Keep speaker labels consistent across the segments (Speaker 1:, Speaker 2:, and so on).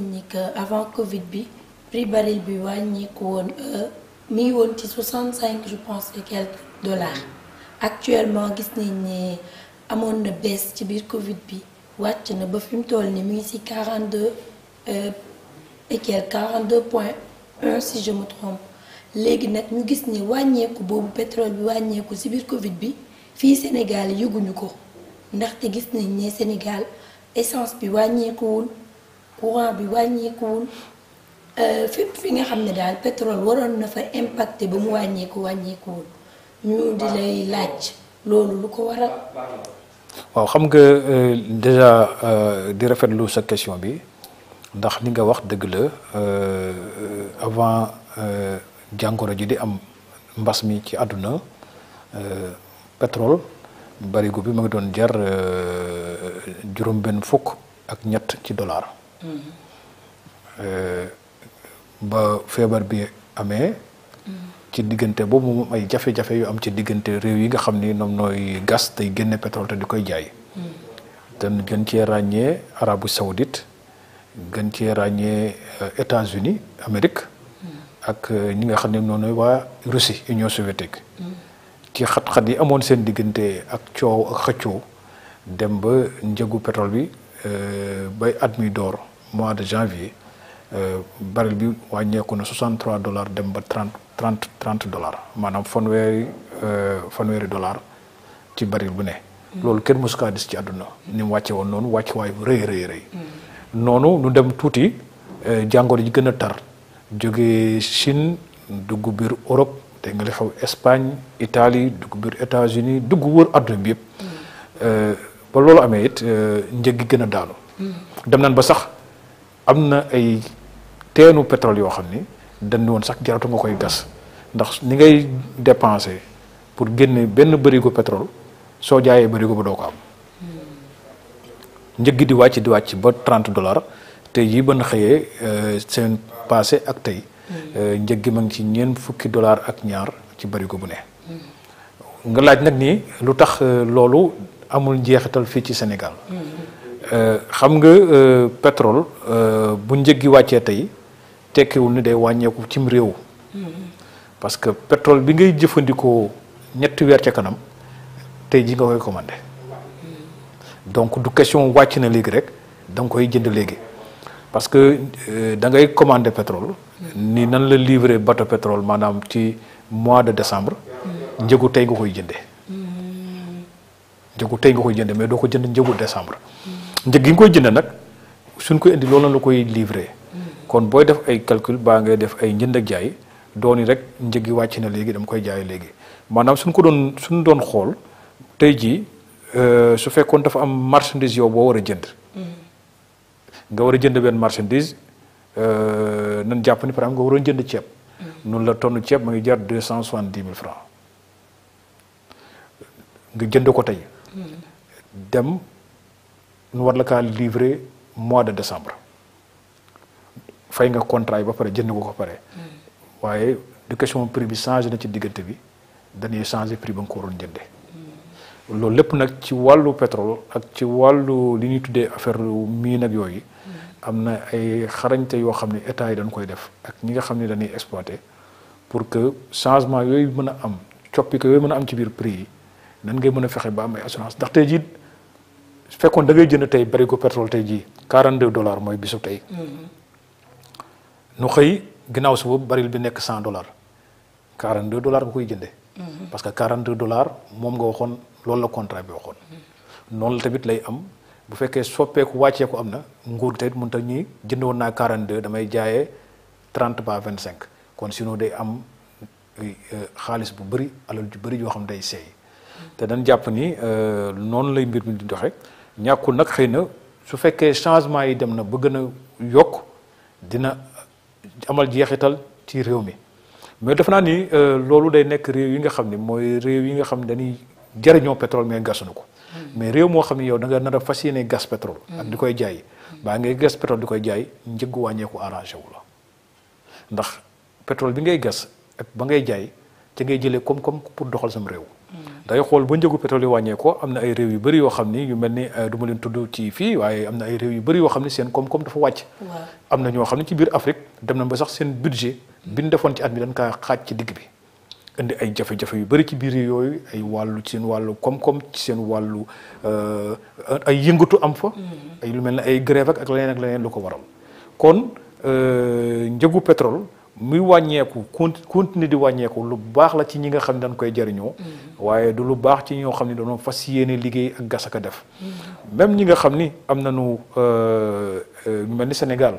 Speaker 1: ni avant Covid bi prix baril bi wàññeeku woon euh, mi ngi woon ci 65 je pense et quelques dollars actuellement gis nañ ne amoon na baisse ci biir Covid bi wàcc na ba fi mu toll ni mu ngi si 42 euh, et quelques 42 point 1 si je léegi nag mu gis ni wàññeeku boobu pétrole bi wàññeeku si biir Covid bi fii Sénégal yëguñu ko ndaxte gis nañ ne Sénégal essence bi wàññeekuwul. courant bi wàññeekuwul euh, fi nga xam ne daal pétrole waroon na fa impacté ba mu wàññeeku wàññeekuwul ñu di lay laaj loolu lu ko waral.
Speaker 2: waaw xam nga euh, déjà euh, di rafetlu sa question bi ndax li nga wax dëgg la avant jàngoro ji di am mbas mi ci àdduna pétrole barigo bi mu ngi doon jar juróom benn fukk ak ñett ci dollar Euh, ba feebar bi amee. ci diggante boobu moom ay jafe-jafe yu am ci diggante réew yi nga xam ni ñoom nooy gas tey génne pétrole te di koy jaay. te gën cee ràññee arabu saoudite gën cee ràññee euh, États-Unis Amérique. ak euh, ñi nga xam ne noonu waa Russie Union soviétique. ci xat-xat yi amoon seen diggante ak coow ak xëccoo dem ba njëgu pétrole bi bay at mi door. mois de janvier euh, baril bi wàññeeku na 63 dollars dem ba 30 30 30 dollars maanaam fanweeri euh, fanweeri dollars ci baril bu ne. Hmm. loolu kenn mësu kaa ci àdduna. ni mu wàcce woon noonu wàcce waay bu rëy rëy rëy. Hmm. noonu nu dem tuuti euh, jàngoro ji gën a tar jóge Chine dugg biir Europe te nga li xew Espagne Italie duggu biir États-Unis dugg wër àdduna bi yëpp. Hmm. ba loolu amee it njëg gi gën a daanu. dem nañ ba sax. am na ay teenu pétrole yoo xam ni dañ woon sax jaratu nga koy gas ndax ni ngay dépenser pour génne benn bërigo pétrole soo jaayee bërigo ba doo ko am njëg di wàcc di wàcc ba 30 dollars te yi ban xëyee euh, seen passé ak tey euh, njëggi gi ma ngi ci ñeent fukki dollars ak ñaar ci bërigo bu ne nga laaj nag ni lu tax euh, loolu amul njeexital fii ci senegal Euh, xam nga euh, pétrole euh, bu njëggi wàccee tey tekkiwul ni day wàññeeku cim réew. Mm-hmm. parce que pétrole bi ngay jëfandikoo ñetti weer ca kanam tey ji nga koy commandé. Mm-hmm. donc du question wàcc na léegi rek da koy jënd léegi parce que da ngay commandé pétrole. Mm-hmm. ni nan la livré bateau pétrole maanaam ci mois de décembre. njëgu tey nga koy jëndee. njëgu tey nga koy jënde mais doo ko jënd njëgu décembre. njëg yi nga koy jënd nag suñ koy indi loolu la koy livré mm. kon booy def ay calcul baa ngay def ay njënd ak jaay dooni rek njëg gi wàcc na léegi dama koy jaay léegi maanaam suñ ko doon suñ doon xool tey jii euh, su fekkoon dafa am marchandise yow boo war a jënd. Mm. nga war a jënd benn marchandise euh, nan jàpp ni par exemple nga waroon jënd ceeb. noonu mm. la tonne ceeb ma ngi jar deux cent soixante dix mille francs nga jënd ko tey. dem ñu war la kaa livrer mois de décembre fay nga contrat yi ba pare jënd ko ko pare. Hmm. waaye du question prix bi changé na ci diggante bi dañuy changé prix ba nga ko waroon jëndee. Hmm. loolu lépp nag ci wàllu pétrole ak ci wàllu li ñuy tuddee affaire mine ak yooyu. Hmm. am na ay xarañte yoo xam ne état yi dañ koy def ak ñi nga xam ne dañuy exploité pour que changement yooyu mën a am coppite yooyu mën a am ci biir prix yi nan ngay mën a fexe ba am ay assurance su fekkoon da jënd tey barigo pétrole tey jii 42 dollars mooy bisu tey. nu xëy ginnaaw suba baril bi nekk cent 100 dollars de dollars nga koy jëndee. parce que 42 dollars moom nga waxoon lool la contrat bi waxoon. noonu tamit lay am bu fekkee soppeeku wàcceeku am na nguur gi tamit a ñuy jëndoon naa 42 damay jaayee 30 ba 25 kon sinon day am euh, xaalis bu bëri alal bëri yoo xam day te dañ jàpp ni euh, noonu lay mbir mi di doxee. ñàkku nag xëy na su fekkee changement yi dem na ba gën a yokk dina amal jeexital ci réew mi mais dafa naa ni euh, loolu day nekk réew yi nga xam ne mooy réew yi nga xam ne dañuy jëriñoo pétrole mais gasuñu ko hmm. mais réew moo xam yow da nga nar a fas yéene gas pétrole hmm. ak di koy jaay hmm. baa ngay gas pétrole di koy jaay njëggu wàññeeku arrangé wu la ndax pétrole bi ngay gas ak ba ngay jaay te ngay jëlee koom-koom pour doxal sam réew day xool ba njëgu pétrole yi wàññeekoo am na ay réew yu bëri yoo xam ni yu mel ni euh, du leen tudd ci fii waaye am na ay réew yu bëri yoo xam ni seen koom-koom dafa wàcc am na ñoo xam ne ci biir Afrique dem na ba sax seen budget bi defoon ci at mi dañ kaa xaaj ci digg bi indi ay jafe-jafe yu bëri ci biir yooyu ay wàllu ci seen wàllu koom-koom ci seen wàllu euh, ay yëngatu am fa mm-hmm. ay lu mel ni ay grève ak leneen ak leneen lu ko waral kon euh, njëgu pétrole muy wàññeeku continue di wàññeeku lu baax la ci ñi nga xam ne dañ koy jariñoo mm-hmm. waaye du lu baax ci ñoo xam ne dañoo fas yéene liggéey ak gasaka def mm-hmm. même ñi nga xam ni am na euh, euh, ñu mel ni Sénégal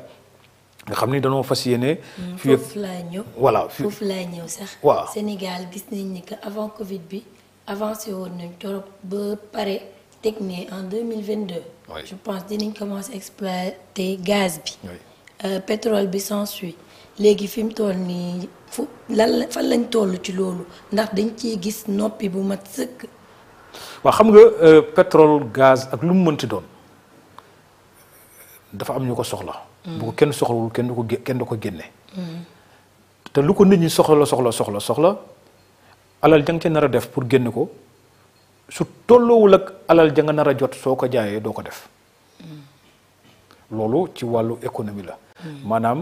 Speaker 2: nga xam ni dañoo fas yéene. Mm-hmm. foofu laa ñëw voilà foofu
Speaker 1: laa ñëw sax. Sénégal gis nañ ni que avant Covid bi avancé woon nañ trop ba pare teg ne en deux mille vingt deux. je pense dinañ commencé exploiter gaz bi. Oui. Euh, pétrole bi s'ensuit léegi fi mu toll nii fu lan lañ toll ci loolu ndax dañ ciy gis noppi bu mat sëkk.
Speaker 2: waaw xam nga euh, pétrole gaz ak lu mu mënti doon dafa am ñu ko soxla. Mm. bu ko kenn soxlawul kenn du ko kenn du ko génne. Mm. te lu ko nit ñi soxla soxla soxla soxla alal ja nga ca nar a def pour génne ko su tolloowul ak alal ja nga nar a jot soo ko jaayee doo ko def mm. loolu ci wàllu économie la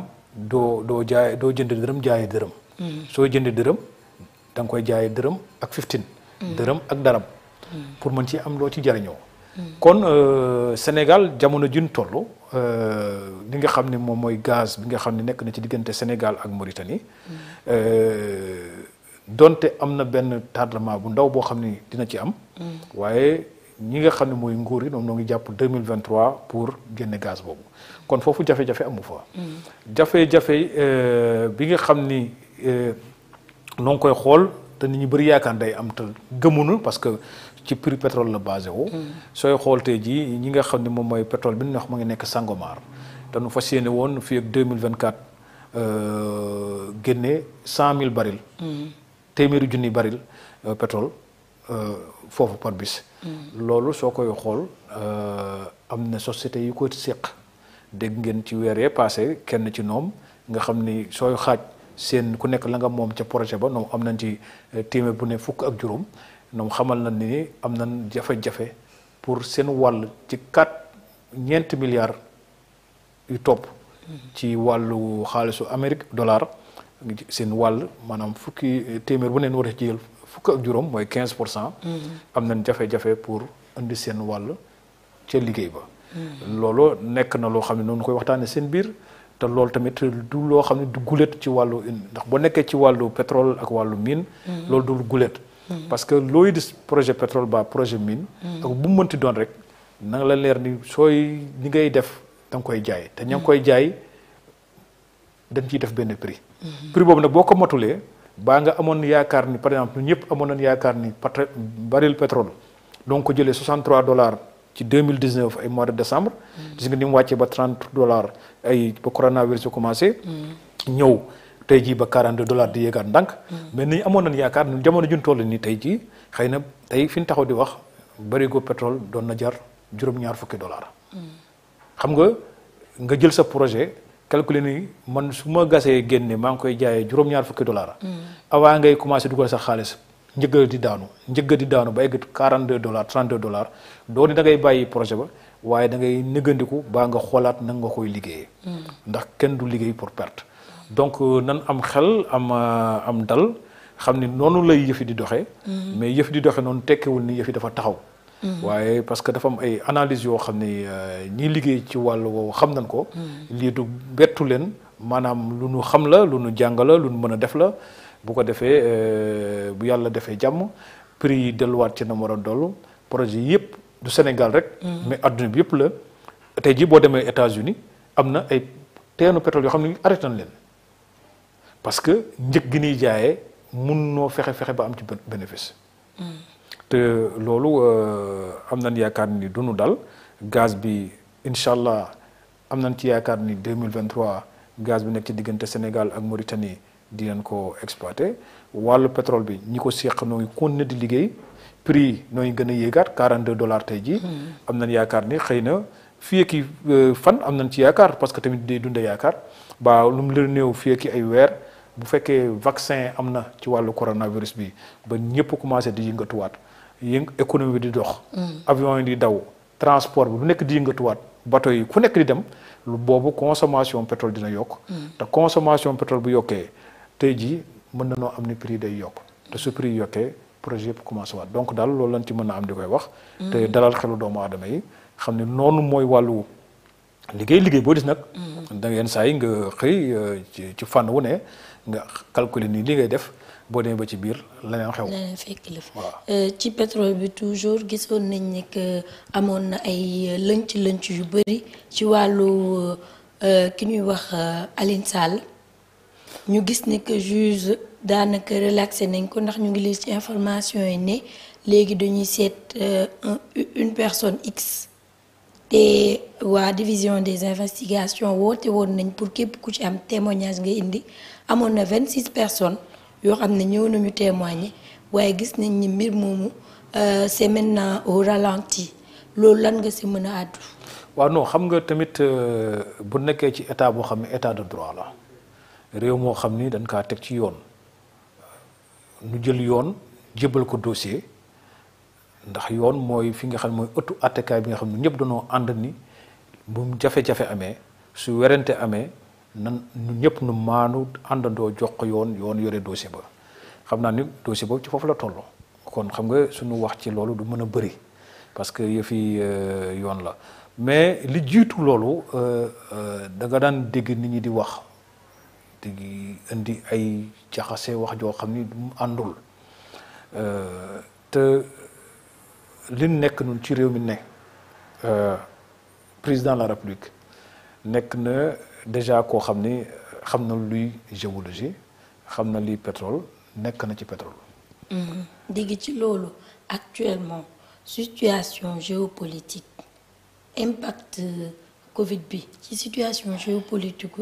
Speaker 2: doo doo jaay doo jënd dërëm jaayee dërëm. Mm. soo jëndee dërëm da nga koy jaayee dërëm ak fifteen. Mm. dërëm ak darab mm. pour mën ci am loo ci jariñoo kon euh, Sénégal jamono juñ toll euh, li nga xam ne moom mooy gaz bi nga xam ne nekk na ci diggante Sénégal ak Mauritanie. Euh, donte am na benn tardement bu ndaw boo xam ni dina ci am. waaye ñi nga xam ne mooy nguur yi ñoom ñoo ngi jàpp deux mille vingt pour génne gaz boobu. kon foofu jafe-jafe amu fa. jafe-jafe euh, bi nga xam ni euh, noo ngi koy xool te ni ñu bëri yaakaar day am te gëmunu parce que ci prix pétrole la basé wu. Mm. sooy xool tey jii ñi nga xam ne moom mooy pétrole bi ñu wax ma ngi nekk Sangomar te nu fa yéene woon fii ak deux mille vingt quatre euh, génne cent mille baril. Mm. téeméeri junni baril pétrole foofu par bis. Mm. loolu soo koy xool am na société yu koy seq. dégg ngeen ci weer yee passé kenn ci noom nga xam ni sooy xaaj seen ku nekk la nga moom ca projet ba ñoom am nañ ci eh, téeméer bu ne fukk ak juróom ñoom xamal nañ ni am nañ jafe-jafe pour seen wàll ci quatre ñeenti milliards yu topp ci wàllu xaalisu Amérique dollar seen wàll maanaam fukki eh, téeméer bu neen war a ci fukk ak juróom mooy quinze pour cent mm-hmm. am nañ jafe-jafe pour indi seen wàll ca liggéey ba loolu nekk na loo xam ne noonu koy waxtaanee seen biir te loolu tamit du loo xam ne du gulet ci wàllu ndax boo nekkee ci wàllu pétrole ak wàllu miin mm-hmm. loolu dul gulet. Mm-hmm. parce que looy dis projet pétrole ba projet mine. Mm-hmm. ak bu mu ti doon rek na la leer ni sooy ñi ngay def da nga koy jaay te ña ngi koy jaay dañ ciy def benn prix. prix boobu nag boo ko matulee baa nga amoon yaakaar ni par exemple ñun ñëpp amoon nañ yaakaar ni baril pétrole donc ko jëlee 63 dollars. ci deux mille dix neuf ay mois de décembre. gis nga ni mu wàccee ba trente dollars ay ba coronavirus bi commencé. ñëw tey jii ba quarante deux dollars di yéegaat ndànk. mais ni amoon nañ yaakaar jamono juñ toll nii tey jii xëy na tey fi ñu taxaw di wax barigo pétrole doon na jar juróom-ñaar fukki dollars. xam nga nga jël sa projet. calculer ni man su ma gasee génne maa ngi koy jaayee juróom-ñaar fukki dollars. Mm. avant ngay commencé dugal sa xaalis njëgg di daanu njëgg di daanu ba egg 42 dollars 32 dollars doo ni da ngay bàyyi projet ba waaye da ngay nëggandiku baa nga xoolaat nan nga koy liggéeyee. Hmm. ndax kenn du liggéey pour perte. donc euh, nan am xel am euh, am dal xam ni noonu lay yëfi di doxe hmm. mais yëfi di doxe noonu tekkiwul ni yëfi dafa taxaw.
Speaker 3: Hmm. waaye
Speaker 2: parce que dafa am ay analyse yoo xam ni euh, ñiy liggéey ci wàll woowu xam nañ ko. lii du bettu leen maanaam lu nu xam la lu nu jàng la lu nu mën a def la. bu ko defee euh, bu yàlla defee jàmm prix yi delluwaat ci na mu war a dollu projet yëpp du Sénégal rek. Mm. mais adduna bi yëpp la. tey jii boo demee États-Unis am na ay teenu pétrole yoo xam ne arrêté nañ leen parce que njëg gi ñuy jaayee mun noo fexe fexe ba am ci bénéfice. Mm. te loolu euh, am nañ yaakaar ni du nu dal gaz bi incha allah am nañ ci yaakaar ni 2023 gaz bi nekk ci diggante Sénégal ak Mauritanie. di leen ko exploité wàllu pétrole bi ñi ko seq nooy continuer di liggéey prix nooy gën a yéegaat 42 dollars tey jii. Hmm. am nañ yaakaar ni xëy na fi ki euh, fan am na ci yaakaar parce que tamit day dundee yaakaar ba lu mu la néew fi ki ay weer bu fekkee vaccin am na ci wàllu coronavirus bi ba ñëpp commencé di yëngatuwaat yëng économie bi di dox. Hmm. avion yi di nekk di yëngatuwaat bateau yi ku nekk di dem lu boobu consommation pétrole dina yokk. Hmm. te consommation pétrole bu yokkee. tey jii mën na noo am ni prix day yokk te su prix yokkee projet yëpp commencé waat donc daal loolu lañ ci mën a am di koy wax. te mm. dalal xelu doomu aadama yi xam ne noonu mooy wàllu liggéey liggéey boo gis nag. Mm. da yenn saa yi nga xëy euh, ci ci fànn wu ne nga calculer ni li ngay def. boo demee ba ci biir leneen xew.
Speaker 1: la fa euh, ci pétrole bi toujours gisoon nañ ne que amoon na ay lënc lënc yu bëri ci wàllu euh, ki ñuy wax Aline ñu gis ne que juge daanaka relaxé nañ ko ndax ñu ngi lii ci information yi ne léegi dañuy seet euh, une personne X te waa division des investigations woote woon nañ pour képp ku ci am témoignage nga indi amoon na vingt six personnes yoo xam ne ñëw nañu témoigner waaye gis nañ ni mbir moomu euh, c'est maintenant au ralenti loolu lan nga si mën a àddu.
Speaker 2: waaw non xam nga tamit euh, bu nekkee ci état boo xam ne état de droit la. réew moo xam ni dañ kaa teg ci yoon nu jël yoon jébal ko dossier ndax yoon mooy fi nga xam ne mooy ëttu attekaay bi nga xam ne ñëpp dañoo ànd ni bu jafe-jafe amee su werante amee nan ñu ñëpp nu maanu àndandoo jox yoon yoon yore dossier ba xam naa ni dossier ba ci foofu la toll kon xam nga suñu wax ci loolu du mën a bëri parce que yëfi euh, yoon la mais li jiitu loolu euh, euh, da nga daan dégg ni ñi di wax di indi ay jaxase wax joo xam ni mu àndul euh, te lin nekk nun ci réew mi ne euh, président la république nekk na déjà koo xam ni xam na luy géologie xam na luy pétrole nekk na ci pétrole
Speaker 1: mm-hmm. digi ci loolu actuellement situation géopolitique impact euh, Covid bi ci situation géopolitique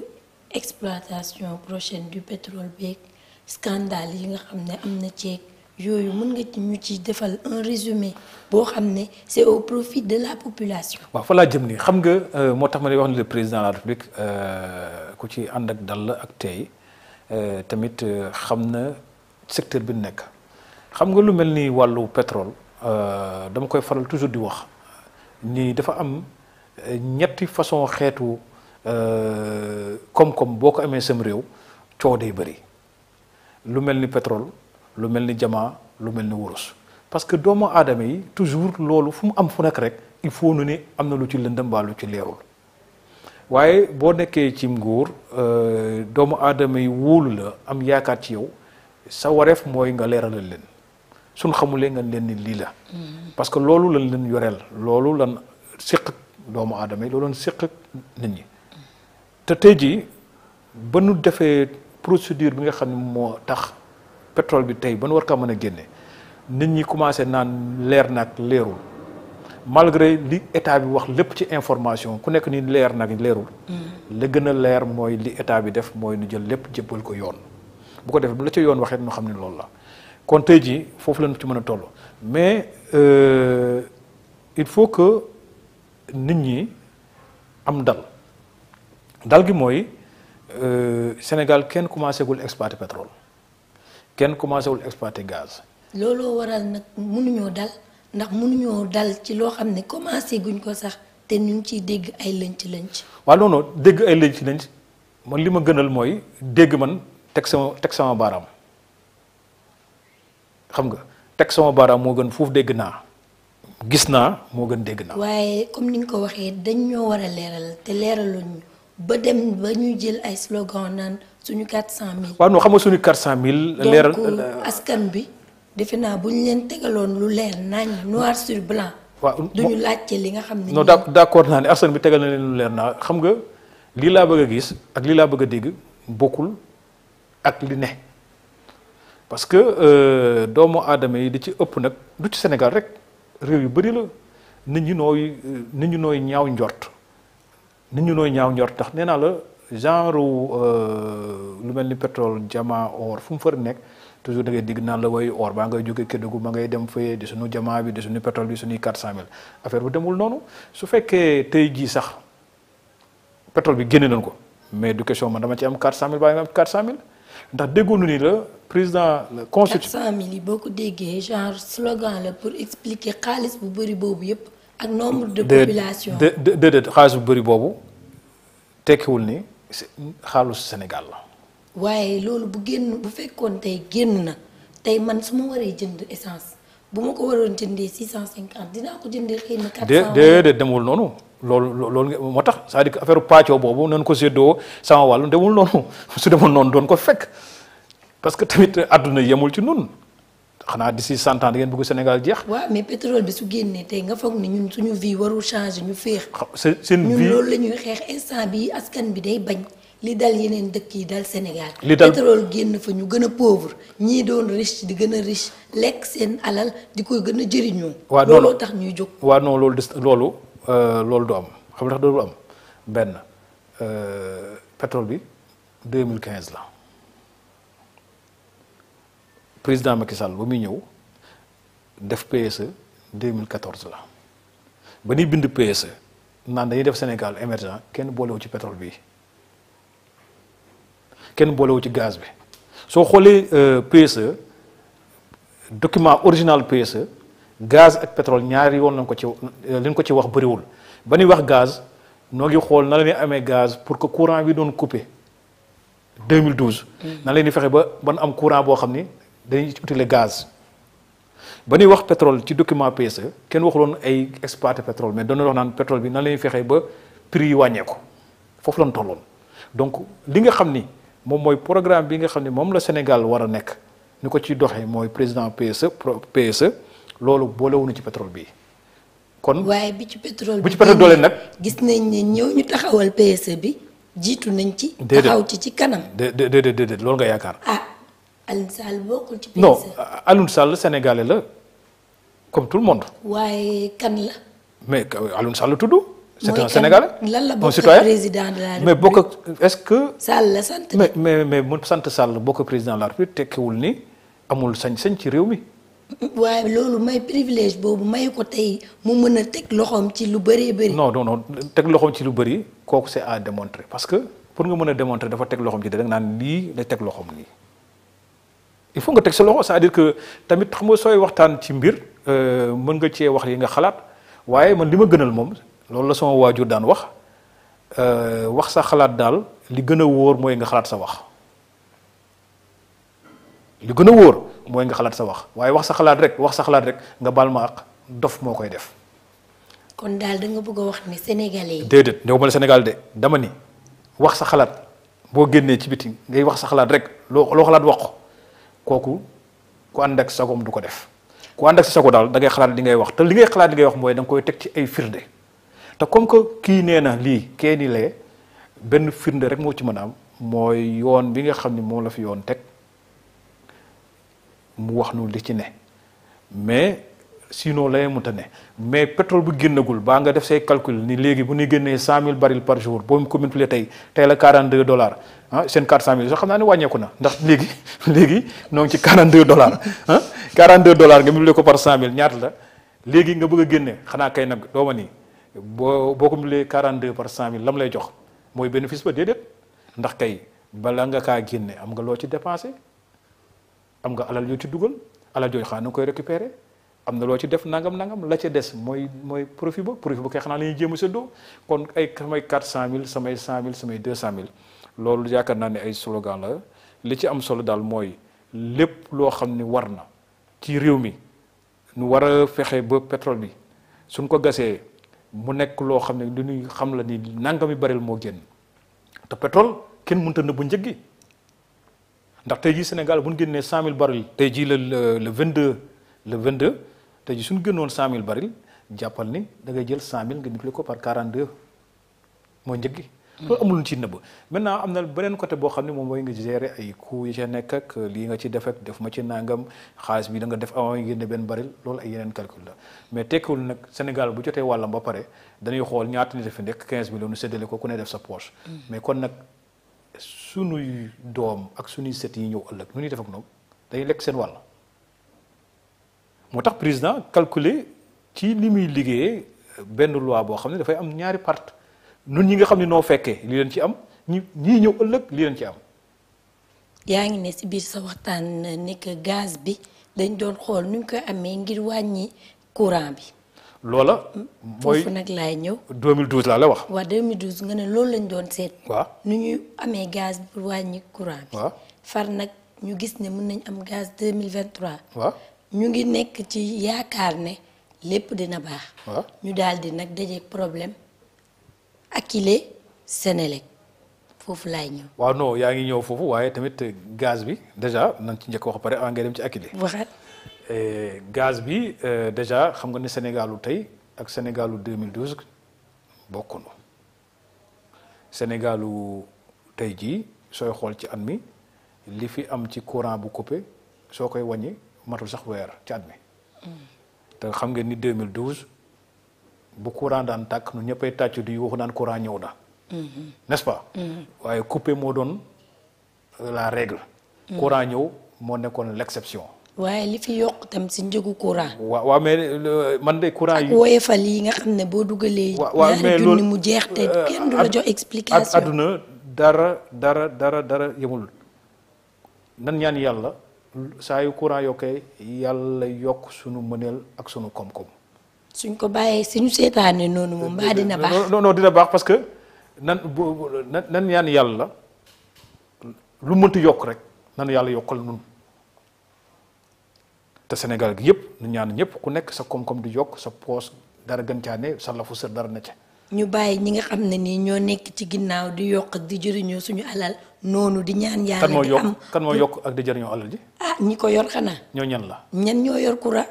Speaker 1: exploitation prochaine du pétrole bi scandale yi nga xam ne am na ceeg yooyu mën nga ci ñu ci defal un résumé boo xam ne c'est au profit de la population.
Speaker 2: waaw fa laa jëm nii xam nga euh, moo tax ma lay wax ni président de la république euh, ku ci ànd ak dal la ak tey euh, tamit xam na secteur bi nekk xam nga lu mel ni wàllu pétrole dama koy faral toujours di wax ni dafa am ñetti façon xeetu. Euh, koom-koom boo ko amee sam réew coow day bëri lu mel ni pétrole lu mel ni jamaa lu mel ni wurus parce que doomu aadama yi toujours loolu fu mu am fu nekk rek il faut nu ne am na lu ci lëndëm mbaa lu ci leerul waaye boo nekkee ci nguur euh, doomu aadama yi wóolu la am yaakaar ci yow sa wareef mooy nga leeralal leen suñ xamulee nga leen ni lii la. Mm. parce que loolu lañ leen yoreel loolu lan séq doomu aadama yi loolu lan séq nit ñi. te tey jii ba nu defee procédure bi nga xam ne moo tax pétrole bi tey ba nu war kaa mën a génne nit ñi commencé naan leer nag leerul malgré li état bi wax lépp ci information ku nekk nii leer nag leerul. Mm-hmm. la gën a leer mooy li état bi def mooy nu jël lépp jébbal ko yoon. bu ko defee bu la ca yoon waxee nu xam ne loolu la kon tey jii foofu lañu ci mën a toll mais euh, il faut que nit ñi am dal. dal gi mooy euh, Sénégal kenn commencé gul exploiter pétrole kenn commencé gul exploiter gaz.
Speaker 1: looloo waral nag mënuñoo dal ndax mënuñoo dal ci loo xam ne commencé guñ ko sax te ñu ngi ciy dégg ay lënc-lënc.
Speaker 2: waaw non dégg ay lënc-lënc man li ma gënal mooy dégg man teg sama teg sama baaraam xam nga teg sama baaraam moo gën foofu dégg naa. gis naa moo gën dégg
Speaker 1: naa. waaye comme ni nga ko waxee dañ ñoo war a leeral te leeraluñu ba dem ba ñuy jël ay slogan naan suñu 400000.
Speaker 2: waaw non xam nga suñu 400000. leeral donc euh,
Speaker 1: askan bi defe naa bu ñu leen tegaloon lu leer nañ noir sur blanc. waaw du ñu laajte li nga xam ne. non
Speaker 2: d' accord naa ne askan bi tegal na leen lu leer naa xam nga lii bëgg gis ak lii laa bëgg a dégg bokkul ak ne parce que euh, doomu aadama yi di ci ëpp nag du ci Sénégal rek réew yu bëri la nit ñi nooy euh, nit ñi nooy ñaaw njort. nit ñu nooy ñaaw ñor tax nee naa la genre euh, lu mel ni pétrole jamaa or fu mu fër nekk toujours da digg naan la way or baa ngay jóge Kédougou ma ngay dem fayee di suñu diamant bi di suñu pétrole bi suñuy quatre cent mille affaire bu demul noonu su fekkee tey jii sax pétrole bi génne nañ ko mais du question man dama ci am quatre cent mille baa nga am quatre cent ndax déggoonu ni la président constitution.
Speaker 1: quatre cent mille yi boo ko déggee genre slogan la bu bëri boobu yëpp. ak nombre de population
Speaker 2: déedéet xaalis bu bëri boobu tekkiwul ni xaalisu Sénégal
Speaker 1: waaye loolu bu génn bu fekkoon tey génn na tey man su ma waree jënd essence bu ma ko waroon jëndee six cent cinquante dinaa ko jëndee
Speaker 2: demul noonu. loolu loolu moo tax c'est-à-dire que affaire pàccoo boobu nañ ko séddoo sama wàllu demul noonu su demoon noonu doon ko fekk parce que tamit àdduna yemul ci nun xanaa d'ici cent ans da ngeen bëgg Sénégal jeex.
Speaker 1: waaw mais pétrole bi su génnee tey nga foog ne ñun suñu vie warul changer ñu féex.
Speaker 2: seen vie ñun loolu la ñuy
Speaker 1: xeex instant bi askan bi day bañ. li dal yeneen dëkk yi dal Sénégal. li dal pétrole génn fa ñu gën a pauvre ñii doon riche di gën a riche lekk seen alal di koy gën a jëriñoo. waaw non tax ñuy jóg.
Speaker 2: waaw loolu des loolu euh, loolu du xam nga tax du am benn euh, pétrole bi la. président Macky Sall ba muy ñëw def PSE 2014 la ba ñuy bind PSE naan dañuy def Sénégal émergent kenn boolewu ci pétrole bi kenn boolewu ci gaz bi soo xoolee euh, PSE document original PSE gaz ak pétrole ñaari yoon lañ ko ci euh, liñ ko ci wax bëriwul ba ñuy wax gaz noo ngi xool na la amee gaz pour que courant bi doon coupé mm. na la fexe ba ban am courant boo xam ni. dañuy utile gaz ba ñuy wax pétrole ci document PSE kenn waxuloon ay exploité pétrole mais doon wax naan pétrole bi na la fexee ba prix yi wàññeeku foofu lañ tolloon donc li nga xam ni moom mooy programme bi nga xam ni moom la Sénégal war a nekk ni ko ci doxee mooy président PSE PSE loolu boolewuñu ci pétrole bi kon
Speaker 1: waaye bi ci pétrole bi ci pétrole doole nag gis nañ ne ñëw ñu taxawal PSE bi jiitu nañ ci. taxaw ci ci kanam.
Speaker 2: de déedéet loolu nga yaakaar. ah
Speaker 1: Alioune Sall bokkul
Speaker 2: Sall sénégalais la comme tout le monde.
Speaker 1: waaye kan la.
Speaker 2: mais Alioune Sall tudd. c'est un sénégalais lan la bokk président
Speaker 1: de mais bokk est-ce que. Sall la sant
Speaker 2: mais mais mais mu sant Sall bokk président de la République tekkiwul ni amul sañ-sañ ci réew mi.
Speaker 1: waaye loolu may privilège boobu may ko tey mu mën a teg loxoom ci lu bëree bëri.
Speaker 2: non non non teg loxoom ci lu bëri kooku c'est à démontrer parce que pour nga mën a démontrer dafa teg loxoom ci da naan lii la teg loxoom nii. il faut nga teg sa loxo sa à que tamit xam ma sooy waxtaan ci mbir euh, mën nga cee wax yi nga xalaat waaye man li ma gënal moom loolu la sama waajur daan wax euh, wax sa xalaat daal li gën a wóor mooy nga xalaat sa wax li gën a wóor mooy nga xalaat sa wax waaye wax sa xalaat rek wax sa xalaat rek nga baal ma ak dof moo koy def.
Speaker 1: kon daal da nga bëgg a wax ni sénégalais yi.
Speaker 2: déedéet ñëw ma de dama ni wax sa xalaat boo génnee ci biti ngay wax sa xalaat rek loo loo xalaat wax ko kooku ku ànd ak sagoom du ko def ku ànd ak sago daal da ngay xalaat li ngay wax te li ngay xalaat li ngay wax mooy da koy teg ci ay firnde te comme que kii nee na lii kee lee benn firnde rek moo ci mën a am mooy yoon bi nga xam ne moom la fi yoon teg mu wax nu li ci ne mais sinon lay mu ta ne mais pétrole bu génnagul baa nga def say calcul ni léegi bu ñuy génnee cent mille barils par jour boo ko multiplier tey tey la 42 dollars ah seen 400 mille sax xam naa ne wàññeeku na ndax léegi léegi noo ngi ci 42 dollars ah 42 dollars nga ko par cent mille ñaata la léegi nga bëgg a génne xanaa kay nag dooma nii boo boo ko multiplier 42 par cent mille lam lay jox mooy bénéfice ba déedéet ndax kay bala nga kaa génne am nga loo ci dépensé am nga alal yoo ci dugal alal jooju xanaa na koy récupérer am na loo ci def nangam nangam la ca des mooy mooy profit ba profit ba kay xanaa la ñuy jéem a séddoo kon ay samay 400000 samay 100000 samay 200000 loolu yaakaar naa ne ay slogan la li ci am solo daal mooy lépp loo xam ni war na ci réew mi nu war a fexe ba pétrole bi suñ ko gasee mu nekk loo xam ne lu ñuy xam la ni nangami baril moo génn te pétrole kenn mënta nëbbu njëg gi ndax tey jii Sénégal bu ñu génnee mille baril tey jii le le 22 le 22. tey jii suñu génnoon 100000 baril jàppal ni da ngay jël 100000 nga multiplier ko par 42 mooy njëg gi. loolu amul lu ci nëbb maintenant am na beneen côté boo xam ne moom mooy nga gérer ay coûts yi ca nekk ak lii nga def ma ci nangam xaalis bi da nga def avant nga génne benn baril loolu ay yeneen calcul la mais tekkiwul nag Sénégal bu jotee wàllam ba pare dañuy xool ñaata nit fi nekk 15 millions ñu séddale ko ku ne def sa poche. Mm. mais kon nag sunuy doom ak sunuy set yi ñëw ëllëg nu ñuy def ak ñoom dañuy lekk seen wàll. moo tax président calculer ci li muy liggéeyee benn loi boo xam ne dafay am ñaari part nun ñi nga xam ne noo fekkee li leen ci am ñi ñii ñëw ëllëg li leen ci am.
Speaker 1: yaa ngi ne si biir sa waxtaan ne que gaz bi dañ doon xool nuñ koy amee ngir wàññi courant bi.
Speaker 2: loola mooy foofu nag laay ñëw. 2012 laa la wax.
Speaker 1: waaw 2012 nga ne loolu lañ doon seet. waaw nu ñuy amee gaz bi pour wàññi courant bi. far nag ñu gis ne mën nañ am gaz 2023. waaw ñu ngi nekk ci yaakaar ne lépp dina baax. ñu daal di nag daje problème Akilee Senelec foofu laay ñëw.
Speaker 2: waaw non yaa ngi ñëw foofu waaye tamit gaz bi déjà nañ ci njëkk wax pare avant ah, ngay dem ci Akilee. waxal eh, gaz bi eh, déjà xam nga ne Sénégalu tey ak Sénégalu 2012 bokkunu Sénégalu tey jii sooy xool ci at mi li fi am ci courant bu coupé soo koy wàññi. matul sax weer ci at mi. te xam ngeen ni 2012 bu courant daan tàkk nu ñëppay tàcc di yuuxu naan courant ñëw na. nest pas. waaye coupé moo doon euh, la règle. courant ñëw moo nekkoon l'exception.
Speaker 4: waaye
Speaker 1: li fi yokk tam si njëgu courant.
Speaker 2: waaw waaw mais man de courant yi. ak woyefal
Speaker 1: yi nga xam ne boo dugalee. waaw mais loolu mu jeex te euh, kenn du la jox explication.
Speaker 2: adduna dara dara dara dara yemul nan ñaan yàlla. saa yu courant yokkee yàlla yokk sunu mëneel ak sunu koom-koom.
Speaker 1: suñ ko bàyyee suñu seetaanee noonu moom mbaa dina baax.
Speaker 2: non non dina baax parce que nan nan ñaan yàlla lu mënti yokk rek nan yàlla yokkal nun te Sénégal gi yëpp nu ñaan ñëpp ku nekk sa koom-koom di yokk sa poos dara gën caa sa lafu sër dara na ca.
Speaker 1: ñu bàyyi ñi nga xam ne nii ñoo nekk ci ginnaaw di yokk di jëriñoo suñu alal. noonu di ñaan yàlla kan moo yokk
Speaker 2: kan yokk ak di
Speaker 1: ah ñi ko yor xanaa. ñoo ñan la. ñan ñoo yor courant.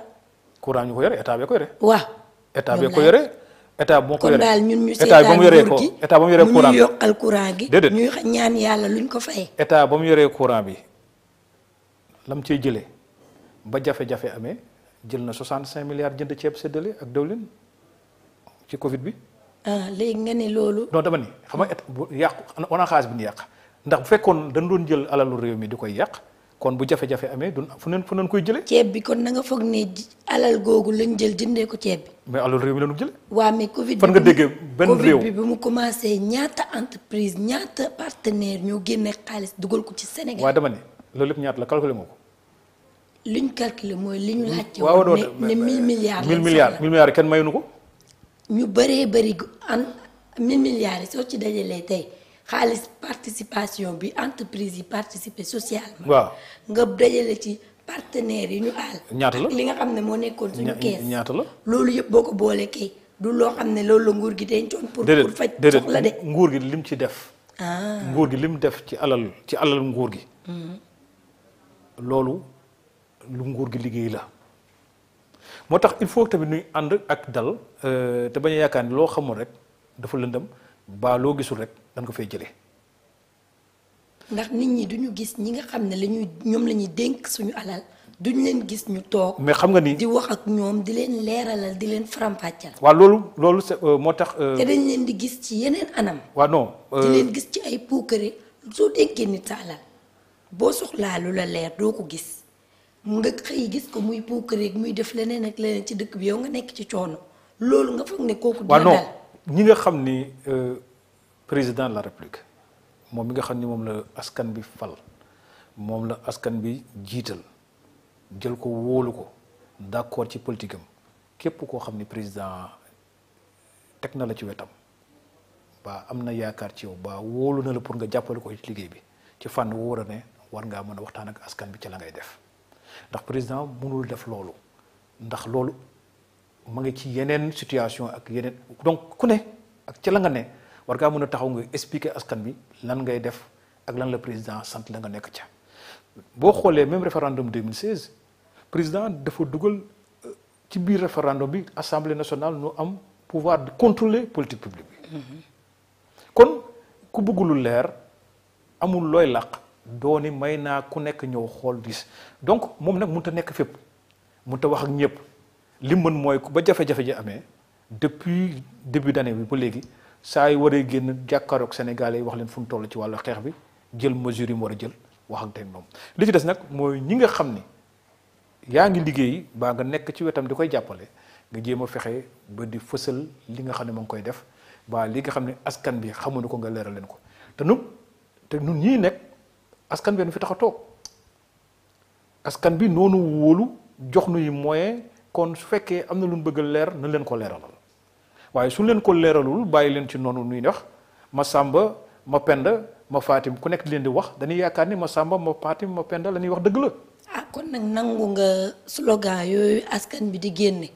Speaker 2: courant ñu ko yore état bee ko yore. état bee ko yore. état moo ko yore kon daal ñun ñu seetaan nguur gi état mu yoree ko courant bi mu ñu yokkal courant gi. déedéet ñuy
Speaker 1: ñaan yàlla luñ ko fay.
Speaker 2: état ba mu yoree courant bi lam cey jëlee ba jafe-jafe amee jël na 65 milliards jënd ceeb séddale ak dawlin ci Covid bi.
Speaker 1: ah léegi nga ne loolu.
Speaker 2: non dama ni xam nga état bu yàqu a xaalis bi ñu yàq. ndax bu fekkoon dañ doon jël alalu réew mi di koy yàq kon bu jafe-jafe amee du fu neen fu neen koy jëlee.
Speaker 1: ceeb bi kon na nga foog ne alal googu lañ jël jëndee ko ceeb bi.
Speaker 2: mais alal réew mi lañu jëlee.
Speaker 1: waaw mais Covid bi fan nga déggee benn réew Covid mu commencé ñaata entreprise ñaata partenaire ñoo génne xaalis dugal ko ci Sénégal. waaw
Speaker 2: dama ne loolu lépp ñaata la calculé nga ko.
Speaker 1: li ñu calculé mooy li ñu laajte. waaw waaw ne ne 1000 milliards. 1000 ko. ñu bëree bëri an 1000 milliards yi soo ci dajalee tey. xaalis participation bi entreprise yi participer socialement. waaw nga dajale ci partenaires yi ñu àll. ñaata la li nga xam ne moo nekkoon suñu kees. ñaata la loolu yëpp boo ko boole kay du loo xam ne loolu nguur gi dencoon. pour pour faj soxla de
Speaker 2: nguur gi lim ci def. Ah. nguur gi lim def ci alal ci alal nguur gi. Hmm. loolu lu nguur gi liggéey la. moo tax il faut tamit ñuy ànd ak dal euh, te bañ a yaakaar ni loo xamul rek dafa lëndam baa loo gisul rek. dañ ko fay
Speaker 1: ndax nit ñi duñu gis ñi nga xam ne la ñuy ñoom la ñuy dénk suñu alal duñu leen gis ñu toog. mais xam nga ni di wax ak ñoom di leen leeralal di leen faram-fàcceel.
Speaker 2: waaw loolu loolu c'est euh, moo tax. Euh, te dañ leen
Speaker 1: di gis ci yeneen anam.
Speaker 2: waaw non. Euh, di leen
Speaker 1: gis ci ay puukare soo dénkee nit sa alal boo soxlaa lu la leer doo ko gis nga xëy gis ko muy puukare muy def leneen ak leneen ci dëkk bi yow nga nekk ci coono loolu nga foog ne kooku.
Speaker 2: dina dal waaw président de la république moom mi nga xam ni moom la askan bi fal moom la askan bi jiital jël ko wóolu ko d'accord ci politikam képp koo xam ni président teg na la ci wetam ba am na yaakaar ci yow ba wóolu na la pour nga jàppale ko ci liggéey bi ci fànn wóor ne war ngaa mën a waxtaan ak askan bi ci la ngay def ndax président mënul def loolu ndax loolu mu ngi ci yeneen situation ak yeneen donc ku ne ak ci la nga ne war ngaa mën a taxaw nga expliquer askan bi lan ngay def ak lan la président sant la nga nekk ca boo xoolee même référendum 2016 président dafa dugal euh, ci biir référendum bi assemblée nationale nu am pouvoir de contrôler politique publique bi mm-hmm. kon ku bëggulu leer amul looy làq dooni may naa ku nekk ñëw xool gis donc moom nag mënut a nekk fépp mënut a wax ak ñëpp li mën mooy ba jafe-jafe ji amee depuis début d'année bi ba léegi saa yi waree génn jàkkaaroog Sénégalais yi wax leen fu mu toll ci wàllu xeex bi jël mesure yi mu war a jël wax ak moom li ci des nag mooy ñi nga xam ni yaa ngi liggéey baa nga nekk ci wetam di koy jàppale nga jéem a fexe ba di fësal li nga xam ne ma ngi koy def ba li nga xam ne askan bi xamuñu ko nga leeral leen ko te nu te nun ñii nekk askan bi nu fi tax a toog askan bi noonu wóolu jox nuy moyen kon su fekkee am na lu ñu bëgg leer na leen ko leeralal waaye suñ leen ko leeralul bàyyi leen ci noonu nuy wax ma sàmba ma penda ma faatim ku nekk leen di wax dañuy yaakaar ni ma sàmba ma faatim ma penda la wax dëgg la.
Speaker 1: ah kon nag nangu nga slogan yooyu askan bi di génne.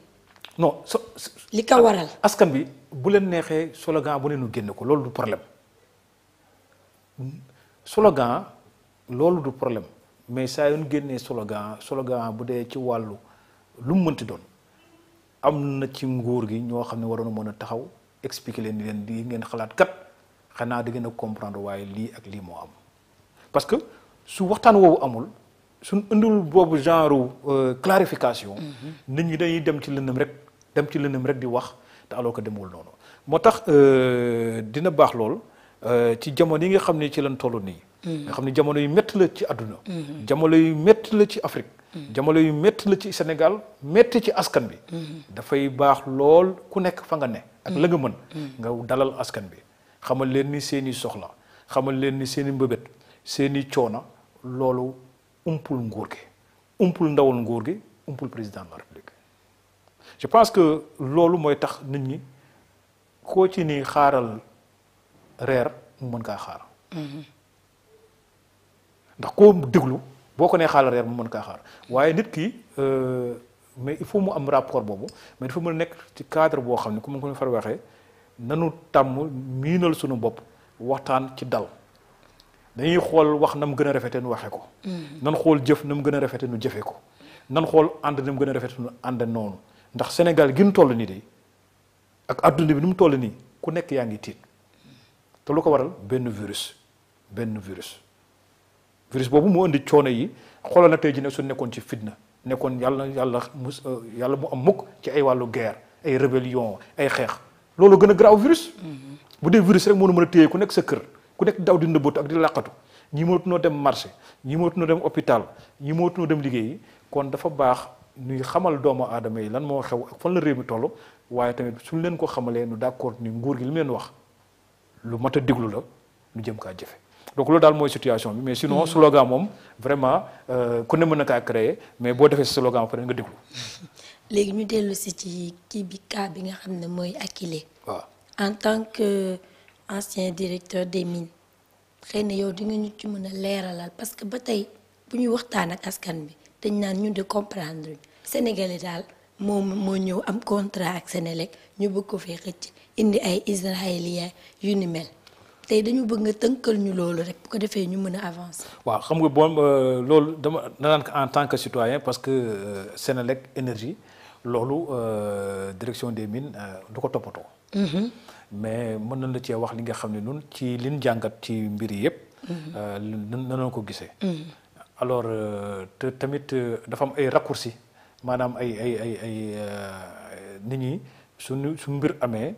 Speaker 2: no so li ka waral. askan bi bu leen neexee slogan bu neenu génne ko loolu du problème slogan loolu du problème mais saa yoon génnee slogan slogan bu dee ci wàllu lu mu mënti doon. am na ci nguur gi ñoo xam ne waroon mën a taxaw expliquer leen ni leen di ngeen xalaat kat xanaa di gën a comprendre waaye lii ak lii moo am parce que su waxtaan woowu amul suñ indul boobu genre euh, clarification. Mhm. nit ñi dañuy dem ci lëndëm rek dem ci lëndëm rek di wax te alors que demul noonu moo tax euh, dina baax lool euh, ci jamono yi nga xam ne ci lañ toll nii. nga mm. xam ne jamono yu métti la ci àdduna mm-hmm. jamono yi métti la ci Afrique mm. jamono yu métti la ci Sénégal métti ci askan bi mm-hmm. dafay baax lool ku nekk fa nga ne ak la nga mën mm-hmm. nga dalal askan bi xamal leen ni seeni soxla xamal leen ni seeni mbëbët seeni coona loolu umpul nguur gi umpul ndawal nguur gi umpul président de la République je pense que loolu mooy tax nit ñi koo ci ni xaaral reer mu mën kaa xaar ndax koo déglu boo ko nee xaaral reer mu mën kaa xaar waaye nit kii euh, mais il faut mu am rapport boobu mais dafa mën a nekk ci cadre boo xam ne comme ko far waxee nanu tàmm miinal sunu bopp waxtaan ci dal dañuy xool wax na mu gën a rafetee nu waxee ko. Mm-hmm. nan xool jëf na mu gën a rafete nu jëfee ko. nan xool ànd na mu gën a rafetee nu ànd noonu ndax Sénégal gi nu toll nii de ak adduna bi nu mu toll nii ku nekk yaa ngi tiit te lu ko waral benn virus benn virus. virus boobu mu indi coono yi xoolal na tey ji ne su nekkoon ci fitna nekkoon yàlla yàlla mu euh, yàlla mu am mukk ci ay wàllu guerre ay rébellion ay xeex loolu gën a garaaw virus. Mm-hmm. bu dee virus rek moo mën a téye ku nekk sa kër ku nekk daw di nëbbatu ak di làqatu ñi noo dem marché ñi mënatunoo dem hôpital ñi mënatunoo dem liggéeyi kon dafa baax nuy xamal doomu aadama yi lan moo xew ak fan la réew mi toll waaye tamit su suñ leen ko xamalee nu d'accord ni nguur gi li leen wax lu mat a diglu la nu jëm donc loolu daal mooy situation bi mais sinon hmm. slogan moom vraiment euh, ku ne mën na kaa créer mais boo defee slogan ba pare nga déglu.
Speaker 1: léegi ñu dellu si ci kii bi cas bi nga xam ne mooy Akile. waaw en tant que ancien directeur des mines xëy na yow di nga ñu ci mën a leeralal parce que ba tey bu ñuy waxtaan ak askan bi dañ naan ñu de comprendre Sénégalais daal moom moo ñëw am contrat ak Sénélec ñu bëgg ko fee xëcc indi ay israéliens yu ni mel. tey dañu bëgg nga tënkal ñu loolu rek bu ko defee ñu mën a avancer.
Speaker 2: waaw xam nga bon euh, loolu dama danaan ko en tant que citoyen parce que seen euh, Sénélec énergie loolu euh, direction des mines du ko toppatoo. Mm-hmm. mais mën nañ la cee wax li nga xam ne ñun ci liñ jàngat ci mbir yi yëpp. Mm-hmm. nañoo ko gisee. Mm-hmm. alors te tamit dafa am ay raccourcis maanaam ay ay ay ay nit ñi suñu su mbir amee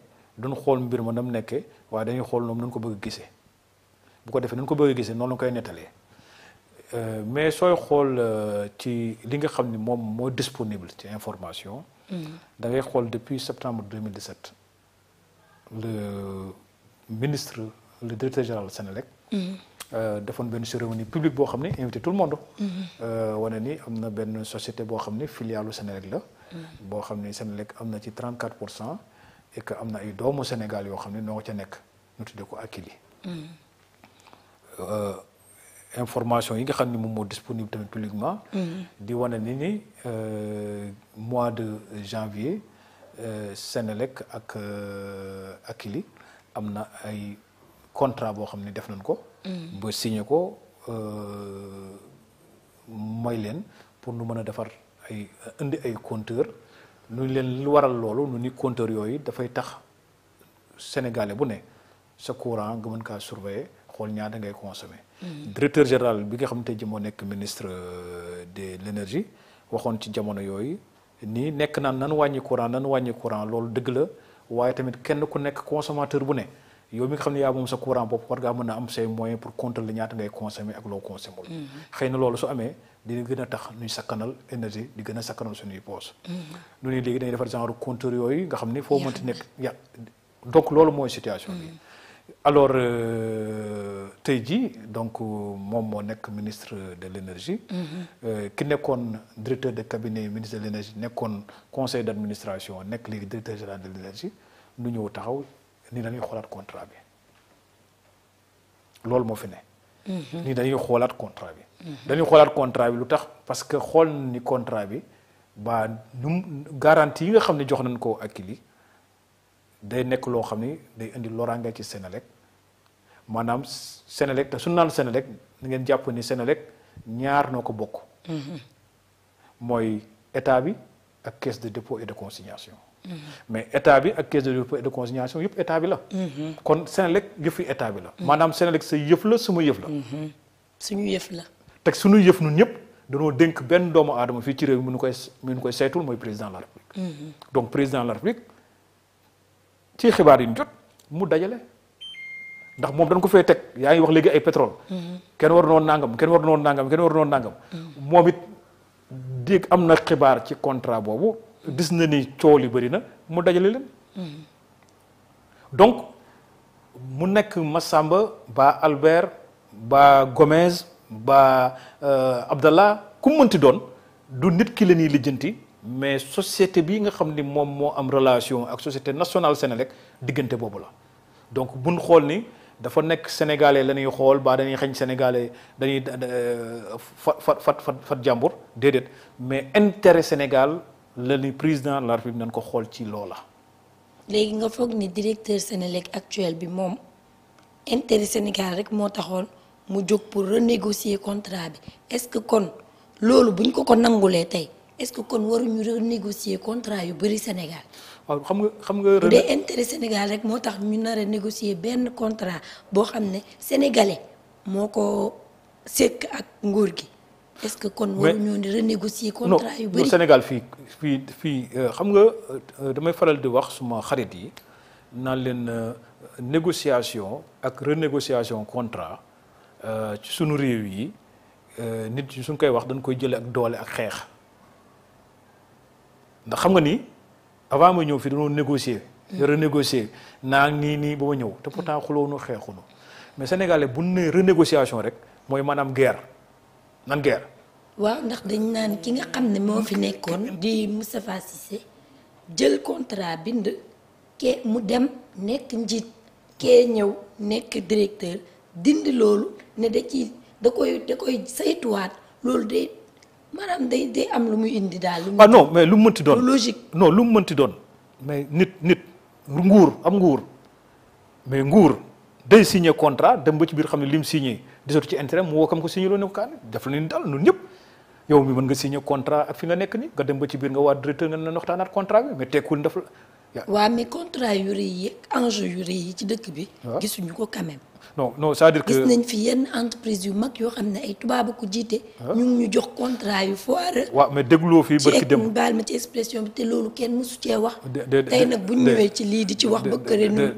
Speaker 2: duñ xool mbir ma mu nekkee. waa dañuy xool ñoom nañu ko bëgg gisee bu ko defee nañu ko bëgg gisee noonu la koy nettalee euh, mais sooy xool euh, ci li nga xam ni moom moo disponible ci information. Mm. da ngay xool depuis septembre 2017 le ministre le directeur général Sénélec. Mm. Euh, defoon benn cérémonie publique boo xam ne invité tout le monde. Mm-hmm. wane ni am na benn société boo xam ne filialu Sénélec la. Mm. boo xam ne Sénélec am na ci 34 pour cent. ekk am na ay doomu Sénégal yoo xam ne noo ca nekk ñu tuddee ko Akili. Euh, information yi nga xam ne moom moo disponible tamit publiquement. di wane ni ni euh, mois de janvier euh, Sénélec ak Akili am na ay contrat boo xam ne def nañ ko. ba signé ko may leen pour nu mën a defar ay indi ay compteur nu leen lu waral loolu lu ni compteur yooyu dafay tax sénégalais bu ne sa courant nga mën kaa surveiller xool ñaata ngay consommer. Mm-hmm. directeur général bi nga xamante ji moo nekk ministre euh, de l'énergie waxoon ci jamono yooyu nii nekk naan nan wàññi courant nan wàññi courant loolu dëgg la waaye tamit kenn ku nekk consommateur bu ne. yow mi nga xam ne yaa moom sa courant bopp war ngaa mën a am say moyens pour contrôler ñaata ngay consommer ak loo consommer wul. xëy na loolu su amee dina gën a tax ñuy sakkanal énergie di gën a sakkanal suñuy poos. ñu ne léegi dañuy defar genre compteur yooyu nga xam ne foo mënti nekk ya donc loolu mooy situation bi. alors euh, tey jii donc moom moo nekk ministre de l'énergie. Euh, ki nekkoon directeur de cabinet ministre de l'énergie nekkoon conseil d'administration de l'énergie nu ñëw ni dañuy xoolaat contrat bi loolu moo fi ne. Mhm. nii dañuy xoolaat contrat bi. dañuy xoolaat contrat bi lu tax parce que xool ni contrat bi ba nu garantie yi nga xam ne jox nañ koo ko li day nekk loo xam ne day indi loraange ci Senelec maanaam Senelec te su naan Senelec na ngeen jàpp ni Senelec ñaar noo ko bokk. Mhm. mooy état bi ak caisse de dépôt et de consignation. mais état bi ak caisse de dépôt de consignation yëpp état bi la. kon Senelec yëfu état bi la. maanaam Senelec sa yëf la suma yëf la.
Speaker 1: suñu yëf la.
Speaker 2: teg suñu yëf ñun ñëpp danoo dénk benn doomu aadama fii ci réew mu nu koy mi nu mooy président la
Speaker 4: république.
Speaker 2: donc président la république ci xibaar yi ñu mu dajale. ndax moom dañ ko fee teg yaa ngi wax léegi ay pétrole. kenn waru noon nangam kenn waru noon nangam moom it dégg am na xibaar ci contrat boobu. gis na ni coow li bëri na mu dajale leen. donc mu nekk Massamba ba Albert ba Gomez ba euh, Abdallah ku mu mënti doon du nit ki la ñuy lijjanti mais société bi nga xam ni moom moo am relation ak société national Sénélec diggante boobu la donc buñ xool ni. dafa nekk sénégalais la ñuy xool ba dañuy xañ sénégalais dañuy fat euh, fat fat fat jàmbur déedéet mais intérêt Sénégal la ni président de la République nañ ko xool ci loola.
Speaker 1: léegi nga foog ni directeur Sénélec actuel bi moom intérêt Sénégal rek moo taxoon mu jóg pour renégocier contrat bi est-ce que kon loolu buñ ko ko nangulee tey est-ce que kon waruñu renégocier contrat yu bëri Sénégal. waaw xam nga xam
Speaker 4: nga.
Speaker 1: Sénégal rek moo tax ñu nar a négocier benn contrat boo xam ne sénégalais moo ko sekk ak nguur gi. est-ce que kon waruñu ne renégocier contrat yu bëri
Speaker 2: Sénégal fii fii fii euh, xam nga euh, damay faral di wax suma xarit yi naan leen euh, négociation ak renégociation contrat ci sunu réew yi nit yi suñ koy wax dañ koy jële ak doole ak xeex ndax xam nga ni avant ma ñëw fii dañoo négocier hmm. renégocier naa nii nii ba ma ñëw te pourtant xuloonu nu mais sénégalais bu ne renégociation rek mooy maanaam guerre nan geer
Speaker 1: waaw ndax dañ naan ki nga xam ne moo fi nekkoon di Moustapha Cissé jël contrat bind kee mu dem nekk njiit kee ñëw nekk directeur dindi loolu ne da ci da koy da koy saytuwaat loolu day maanaam day day am lu muy indi daal. ah
Speaker 2: non mais lu mu mënti doon logique. non lu mu mënti doon mais nit nit nguur am nguur mais nguur day signé contrat dem ba ci biir xam ne lim signé. gisatu ci intérêt moo woo kam ko signé loo ne ko kaan def la ni daal ñun ñëpp yow mi mën nga signé contrat ak fi nga nekk nii nga dem ba ci biir nga waa directeur nga ne leen waxtaanaat contrat bi mais tekkul daf la.
Speaker 1: waaw mais contrat yu rëy yi enjeu yu rëy yi ci dëkk bi. gisuñu ko quand même.
Speaker 2: non non c'est-à-dire que gis nañ fi
Speaker 1: yenn entreprise yu mag yoo xam ne ay tubaab ko jiite. Ah. ñu ñu jox contrat yu foire.
Speaker 2: waaw mais dégloo fi bërki dem ci baal
Speaker 1: ci expression bi te loolu kenn cee wax. tey bu ñu ñëwee ci lii di ci wax. bëgg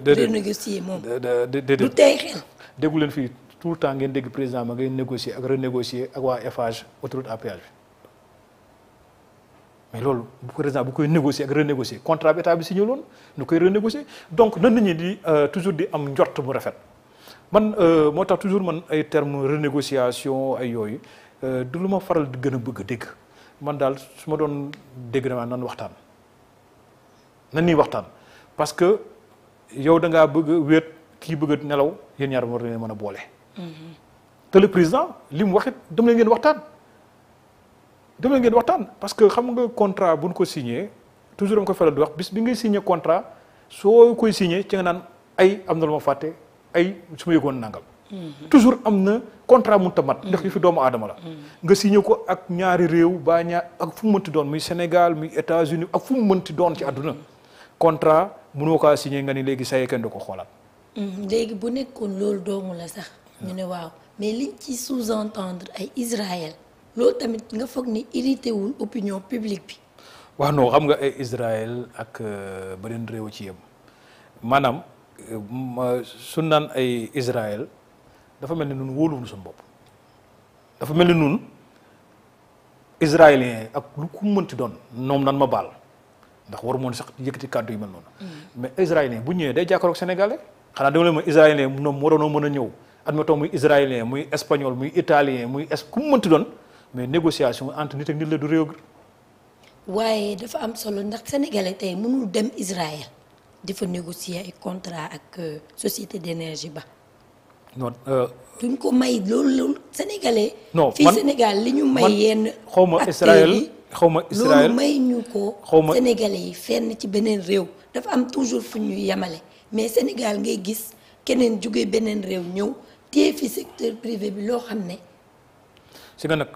Speaker 1: renégocier moom.
Speaker 2: du tey xel déglu leen fii tout le temps ngeen dégg président ma ngay négocier ak renégocier ak waa Eiffage autoroute à péage bi mais loolu bu président bu koy négocier ak renégocier contrat bi état bi signé loon nu koy renégocier donc nan nañu di euh, toujours di am njort bu rafet man euh, moo tax toujours man ay terme renégociation ay yooyu euh, du lu ma faral di gën a bëgg dégg man daal su ma doon dégg naa nan waxtaan nan nii waxtaan parce que yow da ngaa bëgg wéet kii bëgg nelaw yéen ñaar war na mën a boole. te le président li mu wax it dem leen ngeen waxtaan. dem ngeen waxtaan parce que xam nga contrat bu nu ko signé toujours dama ko faral di wax bis bi ngay signé contrat soo koy signé ci nga naan ay am na lu ma fàtte ay su ma yëgoon nangal. Mhm. toujours am na contrat mënut a mat. ndax yu fi mhm. doomu adama la. Mhm. nga signé ko ak ñaari réew ba ñaar ak fu mu mënti doon muy Sénégal muy États-Unis ak fu mu mënti doon ci àdduna. contrat mënoo kaa signé nga ni léegi saa kenn du ko xoolaat.
Speaker 1: ñu ne waaw mais liñ ci sous-entendre ay Israël loolu tamit nga foog ni irrité wul opinion publique bi.
Speaker 2: waaw non xam nga ay Israël ak euh, beneen réew ci yem maanaam su naan ay israel dafa mel ni nun wóoluwuñu suñu bopp dafa mel ni nun israélien ak lu ku mënti doon noom nan ma baal ndax waru moon sax yëkkati kàddu yi mel noonu. Mm. mais israélien bu ñëwee day jàkkaarloog sénégalais xanaa dama leen ma israélien noom waroonoo mën a ñëw. admettons muy israélien muy espagnol muy italien muy es ku mu mënti doon mais négociation entre nit ak nit la du réew gi
Speaker 1: waaye dafa am solo ndax sénégalais tey mënul dem Israël di fa contrat ak euh, société d'énergie ba. non. Euh, duñ ko may loolu loolu fii Sénégal li ñu may yenn. xaw ma Israël
Speaker 2: xaw ma may
Speaker 1: ñu xaw ma sénégalais yi fenn ci beneen réew. dafa am toujours fu ñuy yemale mais Sénégal ngay gis keneen juge beneen réew ñëw. téye fi secteur privé bi loo xam ne.
Speaker 2: si nga nag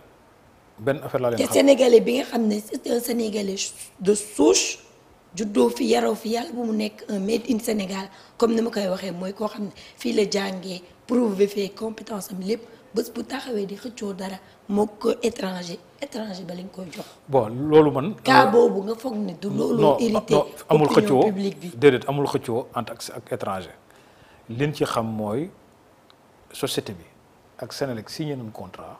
Speaker 2: benn affaire laa leen xam
Speaker 1: bi nga xam ne c'est un sénégalais de souche juddoo fi yaroo fi yàlla bu mu nekk un made in Sénégal comme ni ma koy waxee mooy koo xam ne fii la jàngee prouvé fee compétence am lépp bës bu taxawee di xëccoo dara mook ko étranger étranger ba lañ koy jox.
Speaker 2: bon loolu man. cas euh, boobu
Speaker 1: nga foog ne du loolu. irrité amul xëccoo
Speaker 2: déedéet amul xëccoo en tant que ak étranger liñ ci xam mooy. société bi ak Senelec signé nañ contrat